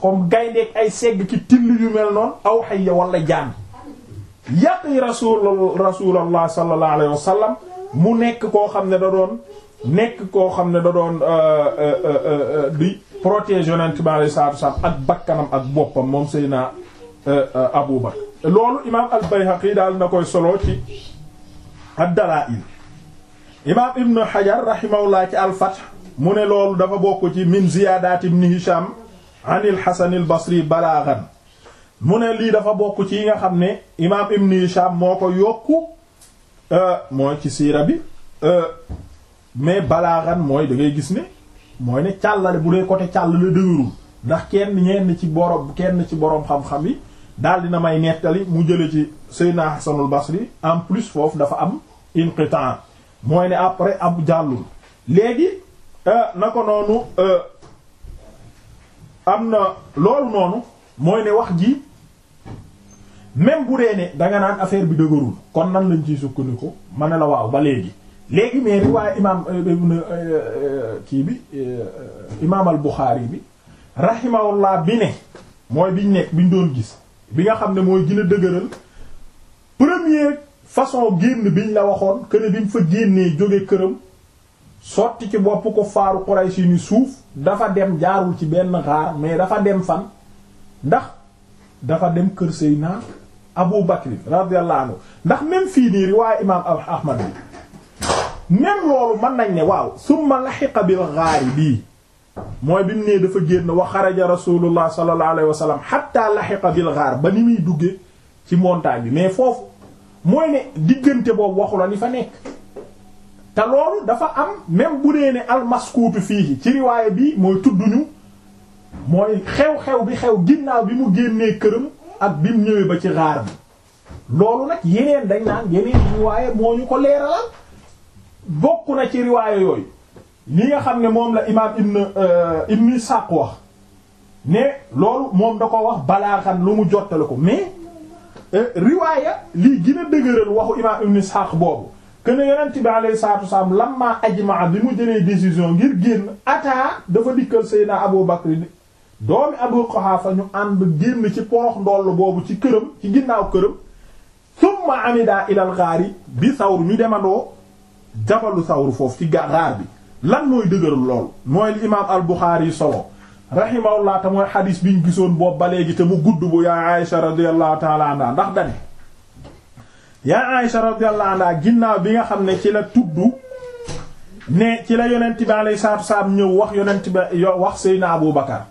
ko gayndeeg ay segg ci till yu mel noonu aw hayya wala jaan yàqi rasul rasulallah sallallahu alayhi wa mu nekk koo xam ne da doon nekk koo xam ne da doon euh, euh, euh, di protéger yonent bi ak bakkanam ak boppam moom Seydina Abu Bakr loolu imaam al-Bayhaqi daal na koy solo ci ad-Dalaa'il imaam Ibn Hajar rahimahullah ci al-Fath mu ne loolu dafa bokk ci min ziyaadaat Ibn Hisham an al-Hasan al-Basri balaagan mu ne lii dafa bokk ci yi nga xam ne imaam Ibn Hisham moo ko yokku mooy ci siira bi mais balaaxan mooy da ngay gis ne mooy ne càllale bu dee côté càllale dëgërul ndax kenn ñenn ci borom kenn ci borom xam-xam yi daal dina may nettali mu jële ci Seydina Hasanul Basri en plus foofu dafa am inqitan mooy ne après ab jàllul léegi euh, na ko noonu euh, am na loolu noonu mooy ne wax ji même bu dee ne danga naan affaire bi dëgërul kon nan lañ ciy sukkandiku ma ne la waaw ba léegi léegi mais riwaaya imaam euh, euh, euh, kii bi imaam al Buxaari bi rahimahullah bi ne mooy biñ nekk biñ doon gis bi nga xam ne mooy gën dëgëral première façon génn biñ la waxoon que ne bi mu fa génnee jóge këram sotti ci boppu ko faaru Quraysh ni suuf dafa dem jaarul ci benn xaar mais dafa dem fan ndax dafa dem kër Seydina Abu Bakr radiyallahu anhu ndax même fii nii riwaaya imaam Ahmad bi même loolu mën nañ ne waaw summa laxiqa bil ghaaribi mooy bi mu nee dafa génn wa xaraja rasulullah sallallahu alayhi wa sallam hatta laxiqa bil ghaar ba ni muy dugge ci montagne bi mais foofu mooy ne diggante boobu waxu la li fa nekk te loolu dafa am même bu dee ne almaskuutu fii ci riwaaya bi mooy tudduñu mooy xew-xew bi xew ginnaaw bi mu génnee këram ak bi mu ñëwee ba ci ghaar bi loolu nag yeneen dañ naan yeneen riwaaya moo ñu ko leeralal bokk na ci riwaaya yooyu li nga xam ne moom la imaam ibn euh, ibn Isaaq wax ne loolu moom da ko wax balaaxan lu mu jottale ko mais euh, riwaaya lii gën a dëgëral waxu imaam ibn Isaaq boobu kuene yonent bi alayhi salatu wassalam lamma ajmaa bi mu jëlee décision ngir génn ataa dafa dikkal Seydina Abu Bakr doomi Abu Quhafa ñu ànd génn ci porox ndoll boobu ci këram ci ginnaaw këram summa amida ilal gaari bi sawr ñu demandoo jabalu sawru foofu ci gaar bi lan mooy dëgëral lool mooy li imaam al-Bukhari solo rahimahullah te mooy xadis bi ñu gisoon boobu ba léegi te mu gudd bu yaa Aïsha radiyallahu ta'ala anha ndax dane yaa Aïsha radiyallahu anha ginnaaw bi nga xam ne ci la tudd ne ci la yonent bi alayhi salaatu ñëw wax yonent bi wax Seydina Abu Bakar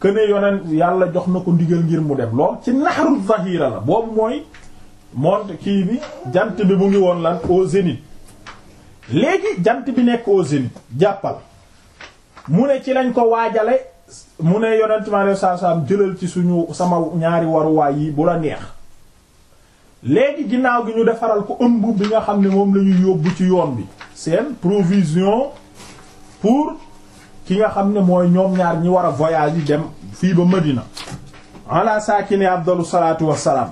que yonent yàlla jox na ko ndigal ngir mu dem lool ci naxaru zahira la boobu mooy mont kii bi jant bi mu ngi woon lan léegi jant bi nekkoo au jàppal mu ne ci lañ ko waajale mu ne yonent ma saa saam jëlal ci suñu sama ñaari waruwaay yi bu la neex léegi ginnaaw gi ñu defaral ko ëmb bi nga xam ne moom lañuy ñuy yóbbu ci yoon bi seen provision pour ki nga xam ne mooy ñoom ñaar ñi war a voyage yi dem fii ba Madina ala saakini afdalu salaatu wassalaam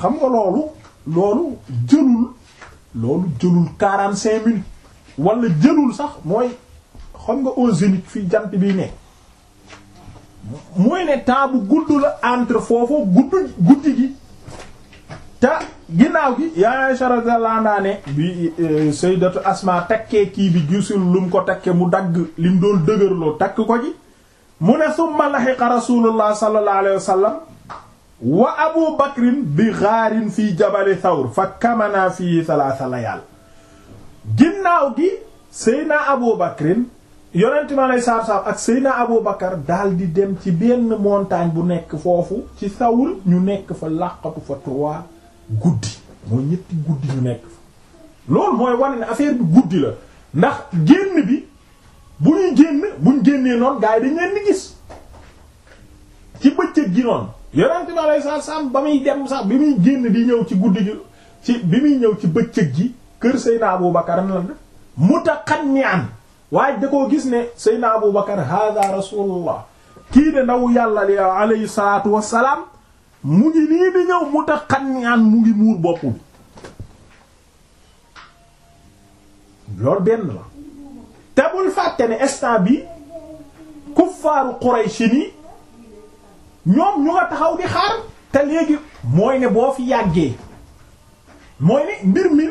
xam nga loolu loolu jëlul loolu jëlul quarante cinq minutes wala jëlul sax mooy xam nga au zénith fii jant bi ne mooy ne taabu bu gudd la entre foofu gudd guddi gi te ginnaaw gi yaa Aysha radiyallahu anha ne bi euh, sayyidatu Asma takkee kii bi gisul lu mu ko takke mu dagg li mu doon dëgërloo takk ko ji mu ne summa lahiqa rasulullah sallallahu alayhi wa sallam wa abu bakrin bi xaarin fii jabali thawr fa kamanaa fii salaasa layaal ginnaaw gi seyna abu bakrin yonent ma lay saab saab ak seyna abu bakar dal di dem ci benn montagne bu nekk foofu ci thawr ñu nekk fa làqatu fa trois guddi mooy ñetti guddi ñu nekk fa loolu mooy wane ne affaire bi guddi la ndax génn bi bu ñuy génn buñ génnee noonu gaa dañ leen gis ci bëccëg gi noonu yonent bi salaam ba muy dem sax bi muy génn di ñëw ci guddi ci bi muy ñëw ci bëccëg gi kër Seydina Abu Bakar lan la mutaqanni'an waaye da koo gis ne Seydina Abu Bakar hada rasulullah kii de ndaw yàlla li alayhi salaatu wassalaam mu ngi nii di ñëw mutaqanni'an mu ngi muur bopp bi loolu benn la te bul fàtte ne instant bi kuffaaru Quraysh ni ñoom ñu nga taxaw di xaar te léegi mooy ne boo fi yàggee mooy ne mbir mi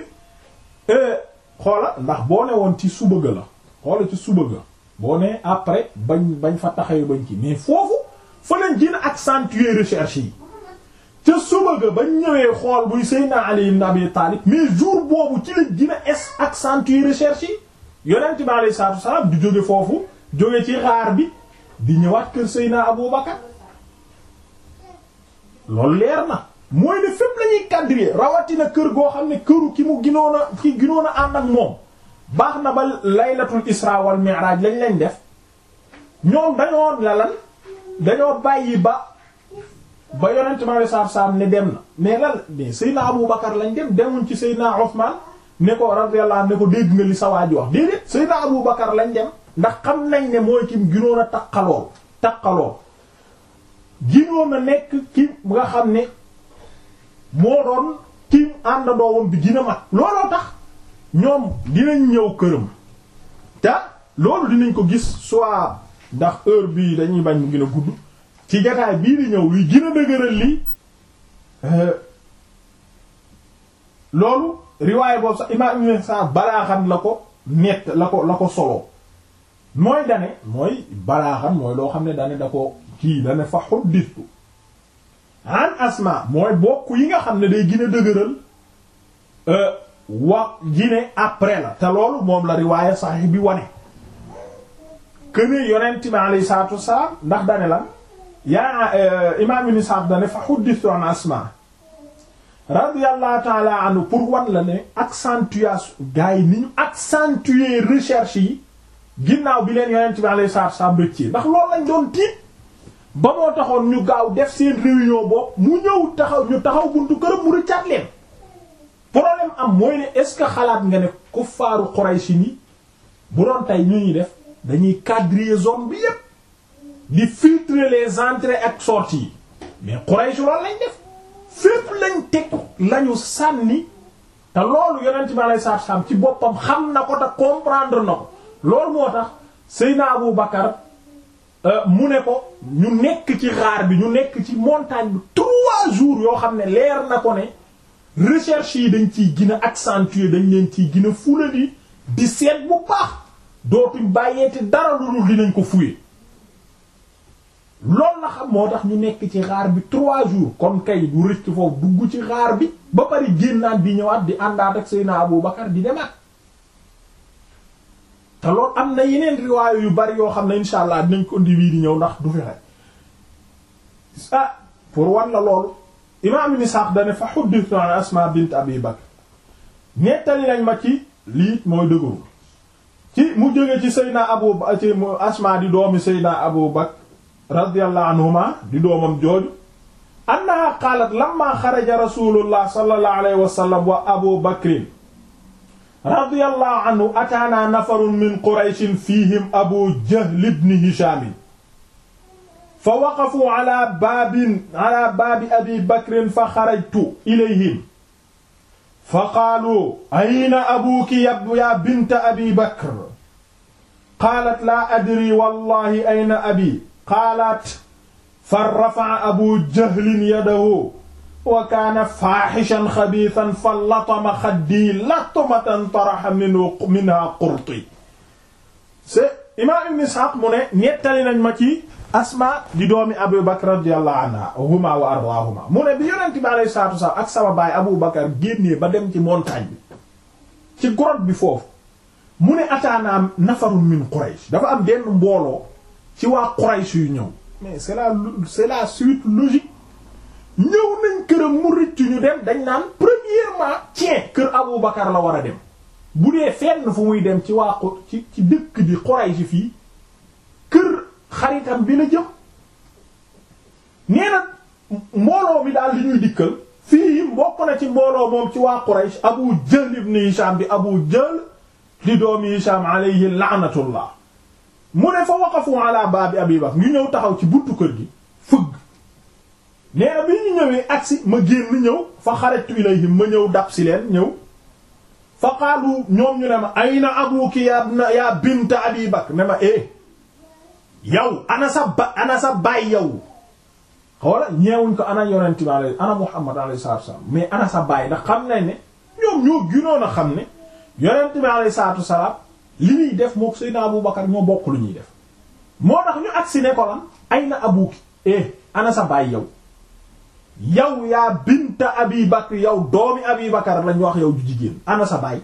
euh, xoola ndax boo ne woon ci suba ga la xoola ci suba ga boo ne après bañ bañ fa taxawee bañ ci mais foofu fa lañ gën a accentuer recherche yi ca suba ga bañ ñëwee xool buy Seydina Ali ibn Abi mais jour boobu ci lañ gën a es accentuer recherche yi yonent bi alayhi salaatu wa salaam di jóge foofu jóge ci xaar bi di ñëwaat kër Seydina Abou Bakar loolu leer na mooy ne fépp la ñuy cadrer rawatina kër goo xam ne këru ki mu ginoon a ki ginoon a ànd ak moom baax na ba laylatul isra wal mi'raj lañ leen def ñoom dañoo lalan dañoo bàyyi ba ba yonent ma saam saam ne dem na mais lan mais Seydina Abu Bakar lañ dem demuñ ci Seydina Ousmane ne ko radiyallahu ne ko dégg nga sa waa ji wax déedéet Seydina Abu Bakar lañ dem ndax xam nañ ne mooy kim ginoon a taqalool taqalool ginoon na nekk ki nga xam ne moo doon kim àndandoowam bi gën a mag looloo tax ñoom dinañ ñëw këram te loolu dinañ ko gis soit ndax heure bii dañuy bañ mu gën a gudd ci jataay bii di ñëw luy gën a dëgëral lii euh, loolu riwaay boobu sax imam ibn Sa'd balaaxan la ko nett la ko la ko solo mooy dane mooy balaaxan mooy loo xam ne dane da ko kii da ne fa xudditu an asma mooy bokk yi nga xam ne day gën a dëgëral euh, wa gine après la te loolu moom la riwaaya saxiix bi wane këne yonent bi alayhi salaatu wassalaam ndax dane lan yaa euh, imaam ibn Sa'd fa xudditu an asma radiyallahu taala anhu pour wan la ne accentuation gars yi ni recherche yi ginnaaw bi leen yonent bi alayhi salaatu wassalaam rëccee ndax loolu lañ doon tiit ba moo taxoon ñu gaaw def seen réunion bopp mu ñëw taxaw ñu taxaw buntu këram mu rëccaat leen problème am mooy ne est-ce que xalaat nga ne kuffaaru Quraysh ni bu doon tey ñu ñuy def dañuy quadriller zone bi yépp di filtrer les entrées ak sorties mais Quraysh loolu lañ def fépp lañ teg lañu sànni te loolu yonent bi alayhi salaatu salaam ci boppam xam na ko te comprendre na ko loolu moo tax Seydina Abu Bakar Euh, mu ne ko ñu nekk ci xaar bi ñu nekk ci montagne bi trois jours yoo xam ne leer na ko ne recherche yi dañ ciy gën a accentuer dañ leen ciy gën a fula di di seet bu baax dootuñ bàyyeeti dara lu dul dinañ ko fuye loolu la xam moo tax ñu nekk ci xaar bi trois jour kon kay du rëcc foofu dugg ci xaar bi ba pare génnaat bi ñëwaat di àndaat ak Seydina Abou Bakar bi demaat te loolu am na yeneen riwaayu yu bari yoo xam ne insha allah dinañ ko ñëw ndax du fi xëy ah pour wan la loolu imaam ibn Isaaq fa huddithu an Asma bint Abi Bakr nettali nañ ma ci lii mooy dëgëru ci mu jóge ci Seydina Abu ci Asma di doomi Seydina Abu Bakr radiyallahu anhuma di doomam jooju annaha qaalat lamma xaraja rasulullah sallallahu alayhi wa sallam wa Abu Bakrin radiyallahu anhu ataana nafarun min qurayshin fihim abu jahl ibn hisham fa waqafu ala baabin ala baabi abi bakrin fa xarajtu ilayhim fa qaalu ayna abuki ya binta abi bakr qaalat laa adri wallahi ayna abi qaalat fa rafa'a abu jahlin yadahu wa kaana faaxishan xabiisan fa latama xaddii latumatan taraxa minhu minha qurti c'est imaam ibn Isxaaq mu ne nettali nañ ma ci Asma di doomi Abu Bakr radiyallahu anha huma wa ardaahuma mu ne bi yonent bi ak sama baay Abu Bakr génnee ba dem ci montagne bi ci grotte bi foofu mu ne ataanaam nafarun min Quraysh dafa am benn mbooloo ci waa Quraysh yu ñëw ñëw nañ këram mu rëcc ñu dem dañ naan premièrement tiens kër Abu Bakar la war a dem bu dee fenn fu muy dem ci waa ci ci dëkk bi Quraysh fii kër xaritam bi la jëm nee na mbooloo mi daal li ñuy dikkal fii bokk na ci mbooloo moom ci waa Quraysh Abu Jahl ibn Hisham bi Abu jël di doomi Hisham alayhi la'natullah mu ne fa waqafu ala baabi Abi Bakr ñu ñëw taxaw ci buntu kër gi fëgg nee bi ñu ñëwee agsi ma génn ñëw fa xarajtu ilayhim ma ñëw dab si leen ñëw fa qaalu ñoom ñu ne ma ayna abuki ya ya bint abi bakr ne ma eh yow ana sa baay yow xoola ñeewuñ ko ana yonent bi alayhi ana muhammad alayhi salaatu salaam mais ana sa baay na xam nañ ne ñoom ñoo gënoon a xam ne yonent bi alayhi salaam li muy def mook Seydina Abu Bakar ñoo bokk lu ñuy def moo tax ñu agsi ne ko lan ayna abuki eh ana sa baay yow yow yaa binta abi bakr yow doomi abi bakar wax yaw ju jigéen ana sa baay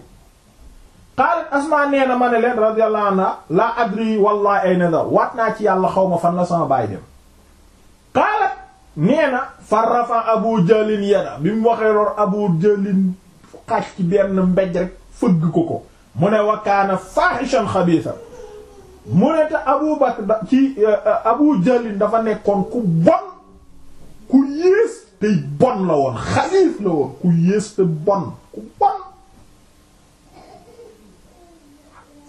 qaalat asma nee ma ne leen radiyallahu anha la adri wallahi ay na waat naa ci yàlla xaw ma fan la sama baay dem qaalat nee fa rafa abu jalin bi mu waxee loor abu jalin ci benn mbéj rek fëgg ko ko mu ne wa kaana fahishan mu ne te abu bakr ci eh, eh, abu dafa nekkoon ku bon ku yées te bon la woon xaliif la woon ku yées te bon ku bon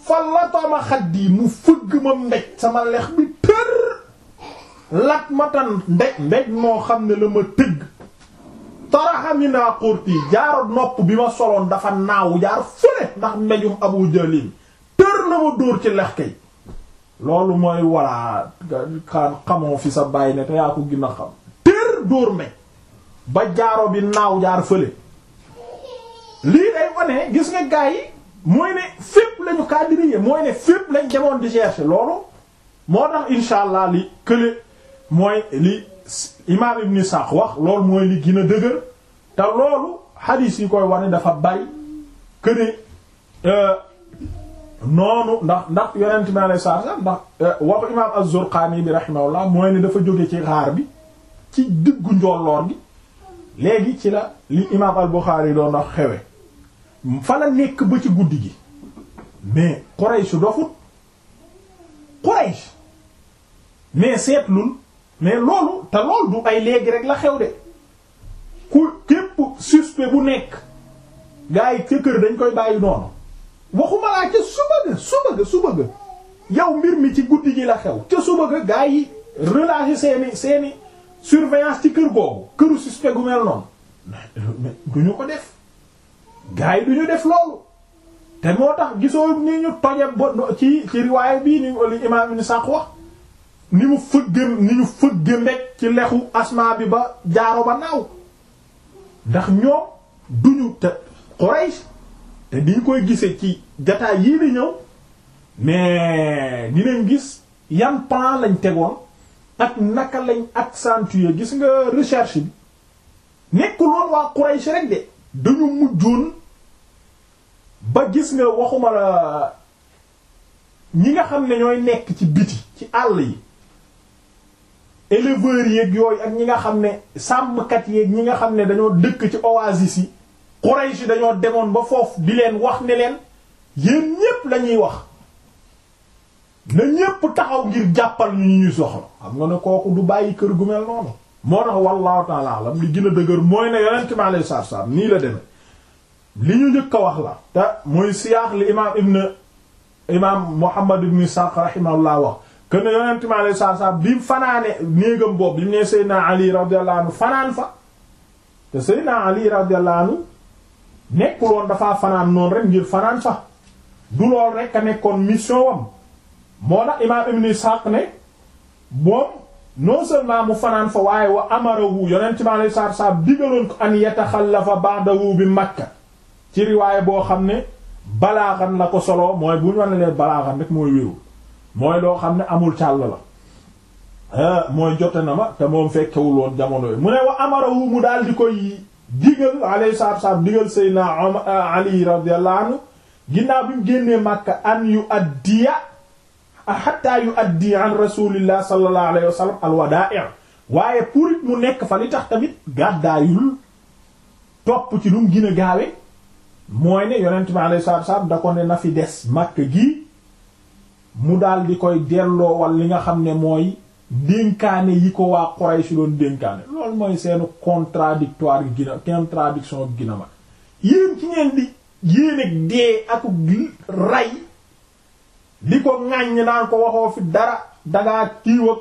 fa latama xaddi mu fëgg ma ndej sama lex bi tër lat ma tan ndej ndej moo xam ne la ma tëgg taraxami naa xórtii nopp bi ma soloon dafa naaw jaar fële ndax ndejum abu jalin tër la ma dóor ci lex kay loolu mooy walaa xamoo fi sa bàyyi ne te yaa ko gën a xam dóor mbéj ba jaaro bi naaw jaar fële lii day wane gis nga gaa yi mooy ne fépp lañu cadrier mooy ne fépp lañ demoon di chercher loolu moo tax insha li kële mooy li imaam ibn Isaaq wax loolu mooy li gën a dëgër te loolu xadiis yi koy wane dafa bari këne euh, noonu ndax ndax yonent mi alayhi salaam ndax euh, waxu imaam az-Zurqaani bi rahimahullah mooy ne dafa jóge ci xaar bi ci diggu njolloor gi léegi ci la li imaam al-Bukhari yi doon wax xewe fa la nekk ba ci guddi gi mais Quraysh dofut Quraysh mais seetlul mais loolu te loolu du ay léegi rek la xew de ku képp suspect bu nekk gars yi ca kër dañ koy bàyyi noonu waxuma laa ca suba ga suba ga suba ga yow mbir mi ci guddi gi la xew ca suba ga gars yi seeni seeni surveillance ci kër googu këru suspect gu mel euh, du ñu ko def gars yi du ñu def loolu te moo tax gisoo ni ñu toje ba ci ci riwaaya bii ni li imaam ibn Sa'd wax ni mu fëgg ni ñu fëgg ndeg ci lexu asma bi ba jaaro ba naaw ndax ñoom duñu te Quraysh te diñ koy gisee ci jataay yii la ñëw mais dinañ gis yan plan lañ tegoon ak naka lañ ak accentuer gis nga recherche bi nekkul woon waa Quraysh rek de dañu mujjoon ba gis nga waxuma la ñi nga xam ne ñooy nekk ci biti ci àll yi éleveurs yeeg yooyu ak ñi nga xam ne sàmmkat yeeg ñi nga xam ne dañoo dëkk ci oasis yi Quraysh dañoo demoon ba foofu di leen wax ne leen yéen ñépp lañuy wax na ñépp taxaw ngir jàppal ñu ñu soxla xam nga ne kooku du bàyyi kër gu mel noonu moo tax wallahu taala alam li gën a dëgër mooy ne yonent mi alayhi salaatu nii la deme li ñu njëkk a wax la te muy siyaax li imaam ibn imaam Muhammad ibn Isaaq rahimahullah wax que ne yonent mi alayhi bi fanaane néegam boobu bi mu ne Seydina Ali radiyallahu fanaan fa te Seydina Ali radiyallahu nekkuloon dafaa fanaan noonu rek ngir fanaan fa du lool rek a nekkoon mission moo tax imaam ibn Ishaq ne moom non seulement mu fanaan fa waaye wa amarahu yonent bi alayhi salaatu salaam digaloon ko an yataxallafa ba'dahu bi Makka ci riwaay boo xam ne balaaxan la ko solo mooy bu ñu war leen balaaxan rek mooy wérul mooy loo xam ne amul càll la ah mooy jote na ma te moom fekkewul woon jamono yi mu ne wa amarahu mu daal di koy digal alayhi salaatu salaam digal Seydina Ali radiyallahu ginnaaw bi mu génnee Makka an yu addiya hatta yuaddi an rasulillah sallallahu alayhi wa sallam waaye pour it mu nekk fa li tax tamit gàddaayul topp ci lu mu gën a gaawe mooy ne yonent bi alayhi salaatu salaam da ko ne na fi des màkk gi mu daal di koy delloowal li nga xam ne mooy dénkaane yi ko waa Quraysh doon dénkaane loolu mooy seenu contradictoire gi gina contradiction gi gina ma yéen ci ngeen di yéen ak dee ak ray di ko ŋàññ naan ko waxoo fi dara dangaa tiiwag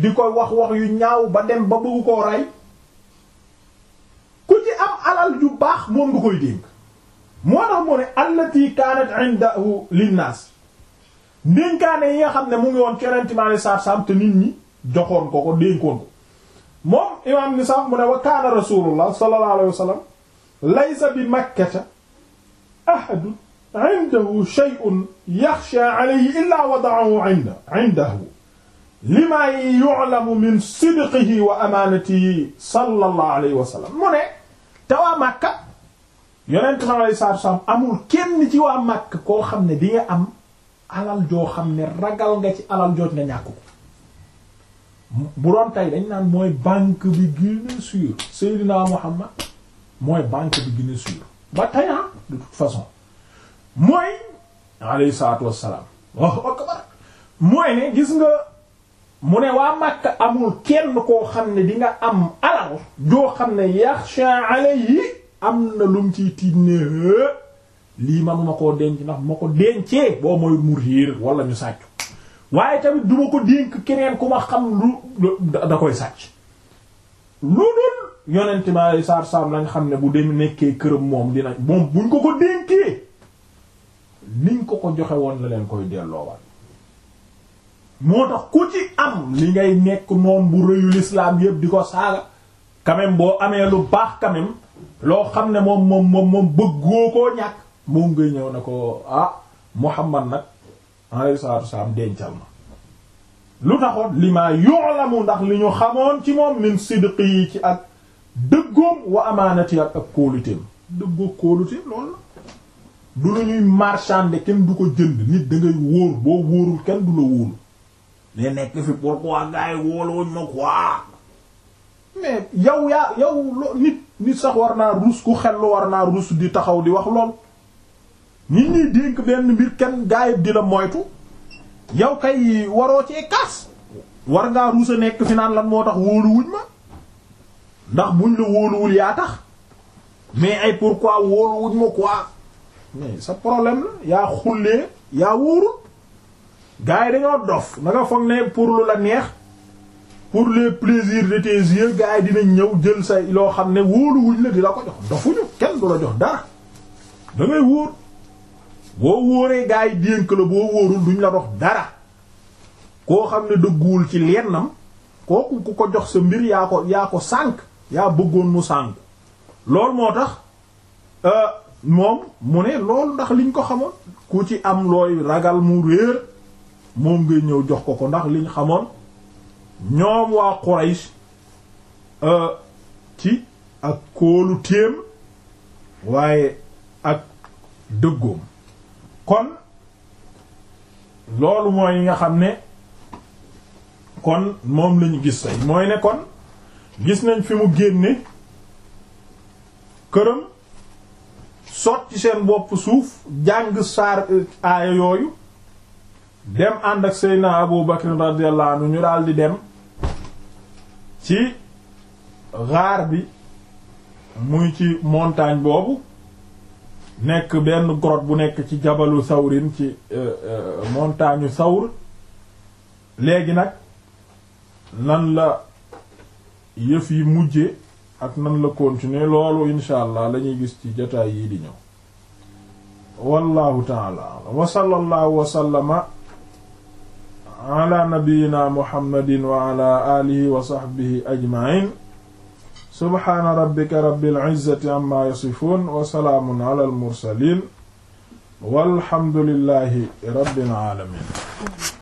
di koy wax wax yu ñaaw ba dem ba bëgg koo rey ku ci am alal ju baax moom du koy dénk moo tax moo ne allati kanat indahu linnaas ndénkaane yi nga xam ne mu ngi woon cerentimale saab-saab te nit ñi joxoon ko ko dénkoon ko moom imaam ni sax mu ne wa kaana rasulullah sallallahu alayhi wa sallam laysa bi makkata ahadun indahu shay'un yaxsha alayhi illaa wada'ahu inda indahu lima yu'lamu min sidqihi wa amaanatihi sallallahu alayhi wa sallam mu ne te waa Màkka yonent ma lay saatu salaam amul kenn ci waa Màkka koo xam ne di nga am alal joo xam ne ragal nga ci alal jooj nga ñàkk ko bu doon tey dañ naan mooy banque bi gën a sûr Seydina Muhammad mooy banque bi gën a sûr ba tey ah, de toute façon mooy alayhi salaatu wassalaam waaw akbar mooy ne gis nga mu ne waa Makka amul kenn koo xam ne di nga am alal joo xam ne yaxsha alayhi am na lum ci tiit ne lii manuma koo denc ndax ma ko dencee boo mooy mu réer wala ñu sàcc waaye tamit duma ko dénk keneen ku ma xam lu da koy sàcc lu dul yonent ma saar saam lañ xam ne bu dem nekkee këram moom dina moom buñ ko ko dénkee niñ ko ko joxewoon la leen koy delloowaat moo tax ku ci am li ngay nekk moom bu rëyu l'islam yépp di ko saaga quand boo amee lu baax quand loo xam ne moom moom moom bëggoo koo ñàkk moom ngay ñëw na ko ah Muhammad nag alayhi salaatu wasalaam dencal ma lu taxoon li maa ndax li ñu xamoon ci moom min sidqi yi ci ak dëggoom wa amaanati ak ak kóoluteem dëggoo kóoluteem loolu la du la ñuy marchander kenn du ko jënd nit da wóor boo wóorul kenn du la wóolu ne nekk fi pourquoi gars yi wóoluwuñ ma quoi mais yow yaa yow lo nit nit sax war naa ruus ku xel war naa ruus di taxaw di wax lool nit ñuy dénk benn mbir kenn gars yi di la moytu yow kay waroo cee kaas war ngaa ruus a nekk fi naan lan moo tax wóoluwuñ ma ndax buñ la wóoluwul yaa tax mais ay pourquoi wóoluwuñ ma quoi. mais sa problème la yaa xullee yaa wóorul gars yi dañoo dof na nga foog ne pour lu la neex pour les plaisirs de tes yeux gars yi ñëw jël sa loo xam ne wóoluwuñ la di la ko jox dofuñu kenn du la jox dara da wóor boo wóoree gars yi dénk la boo wóorul duñ la dox dara koo xam ne dëgguwul ci lennam kooku ku ko jox sa mbir yaa ko yaa ko sànk yaa bëggoon mu sànk loolu moo tax euh, moom mu ne loolu ndax liñ ko xamoon ku ci am looy ragal mu réer moom ngay ñëw jox ko ko ndax liñ xamoon ñoom waa Quraysh euh, ci ak kóolu téem waaye ak dëggoom kon loolu mooy yi nga xam ne kon moom lañu gis tey mooy ne kon gis nañ fi mu génne këram sotti seen bopp suuf jàng saar eh, aaya yooyu dem ànd ak Seydina Abu Bakr radiyallahu anhu ñu daal di dem ci xaar bi muy ci montagne boobu nekk benn grotte bu nekk ci jabalu sawrin ci eh, eh, montagne sawr léegi nag nan la yëf yi mujje ak nan la continuer loolu insha allah la ñuy gis ci jotaay yii di ñëw wallahu taala wa sallallahu wa sallama ala nabiyyina muhammadin wa ala alihi wa sahbihi ajma'in subhana rabbika rabbil izzati amma yasifun wa salaamun ala al mursalin walhamdulillahi rabbil alamin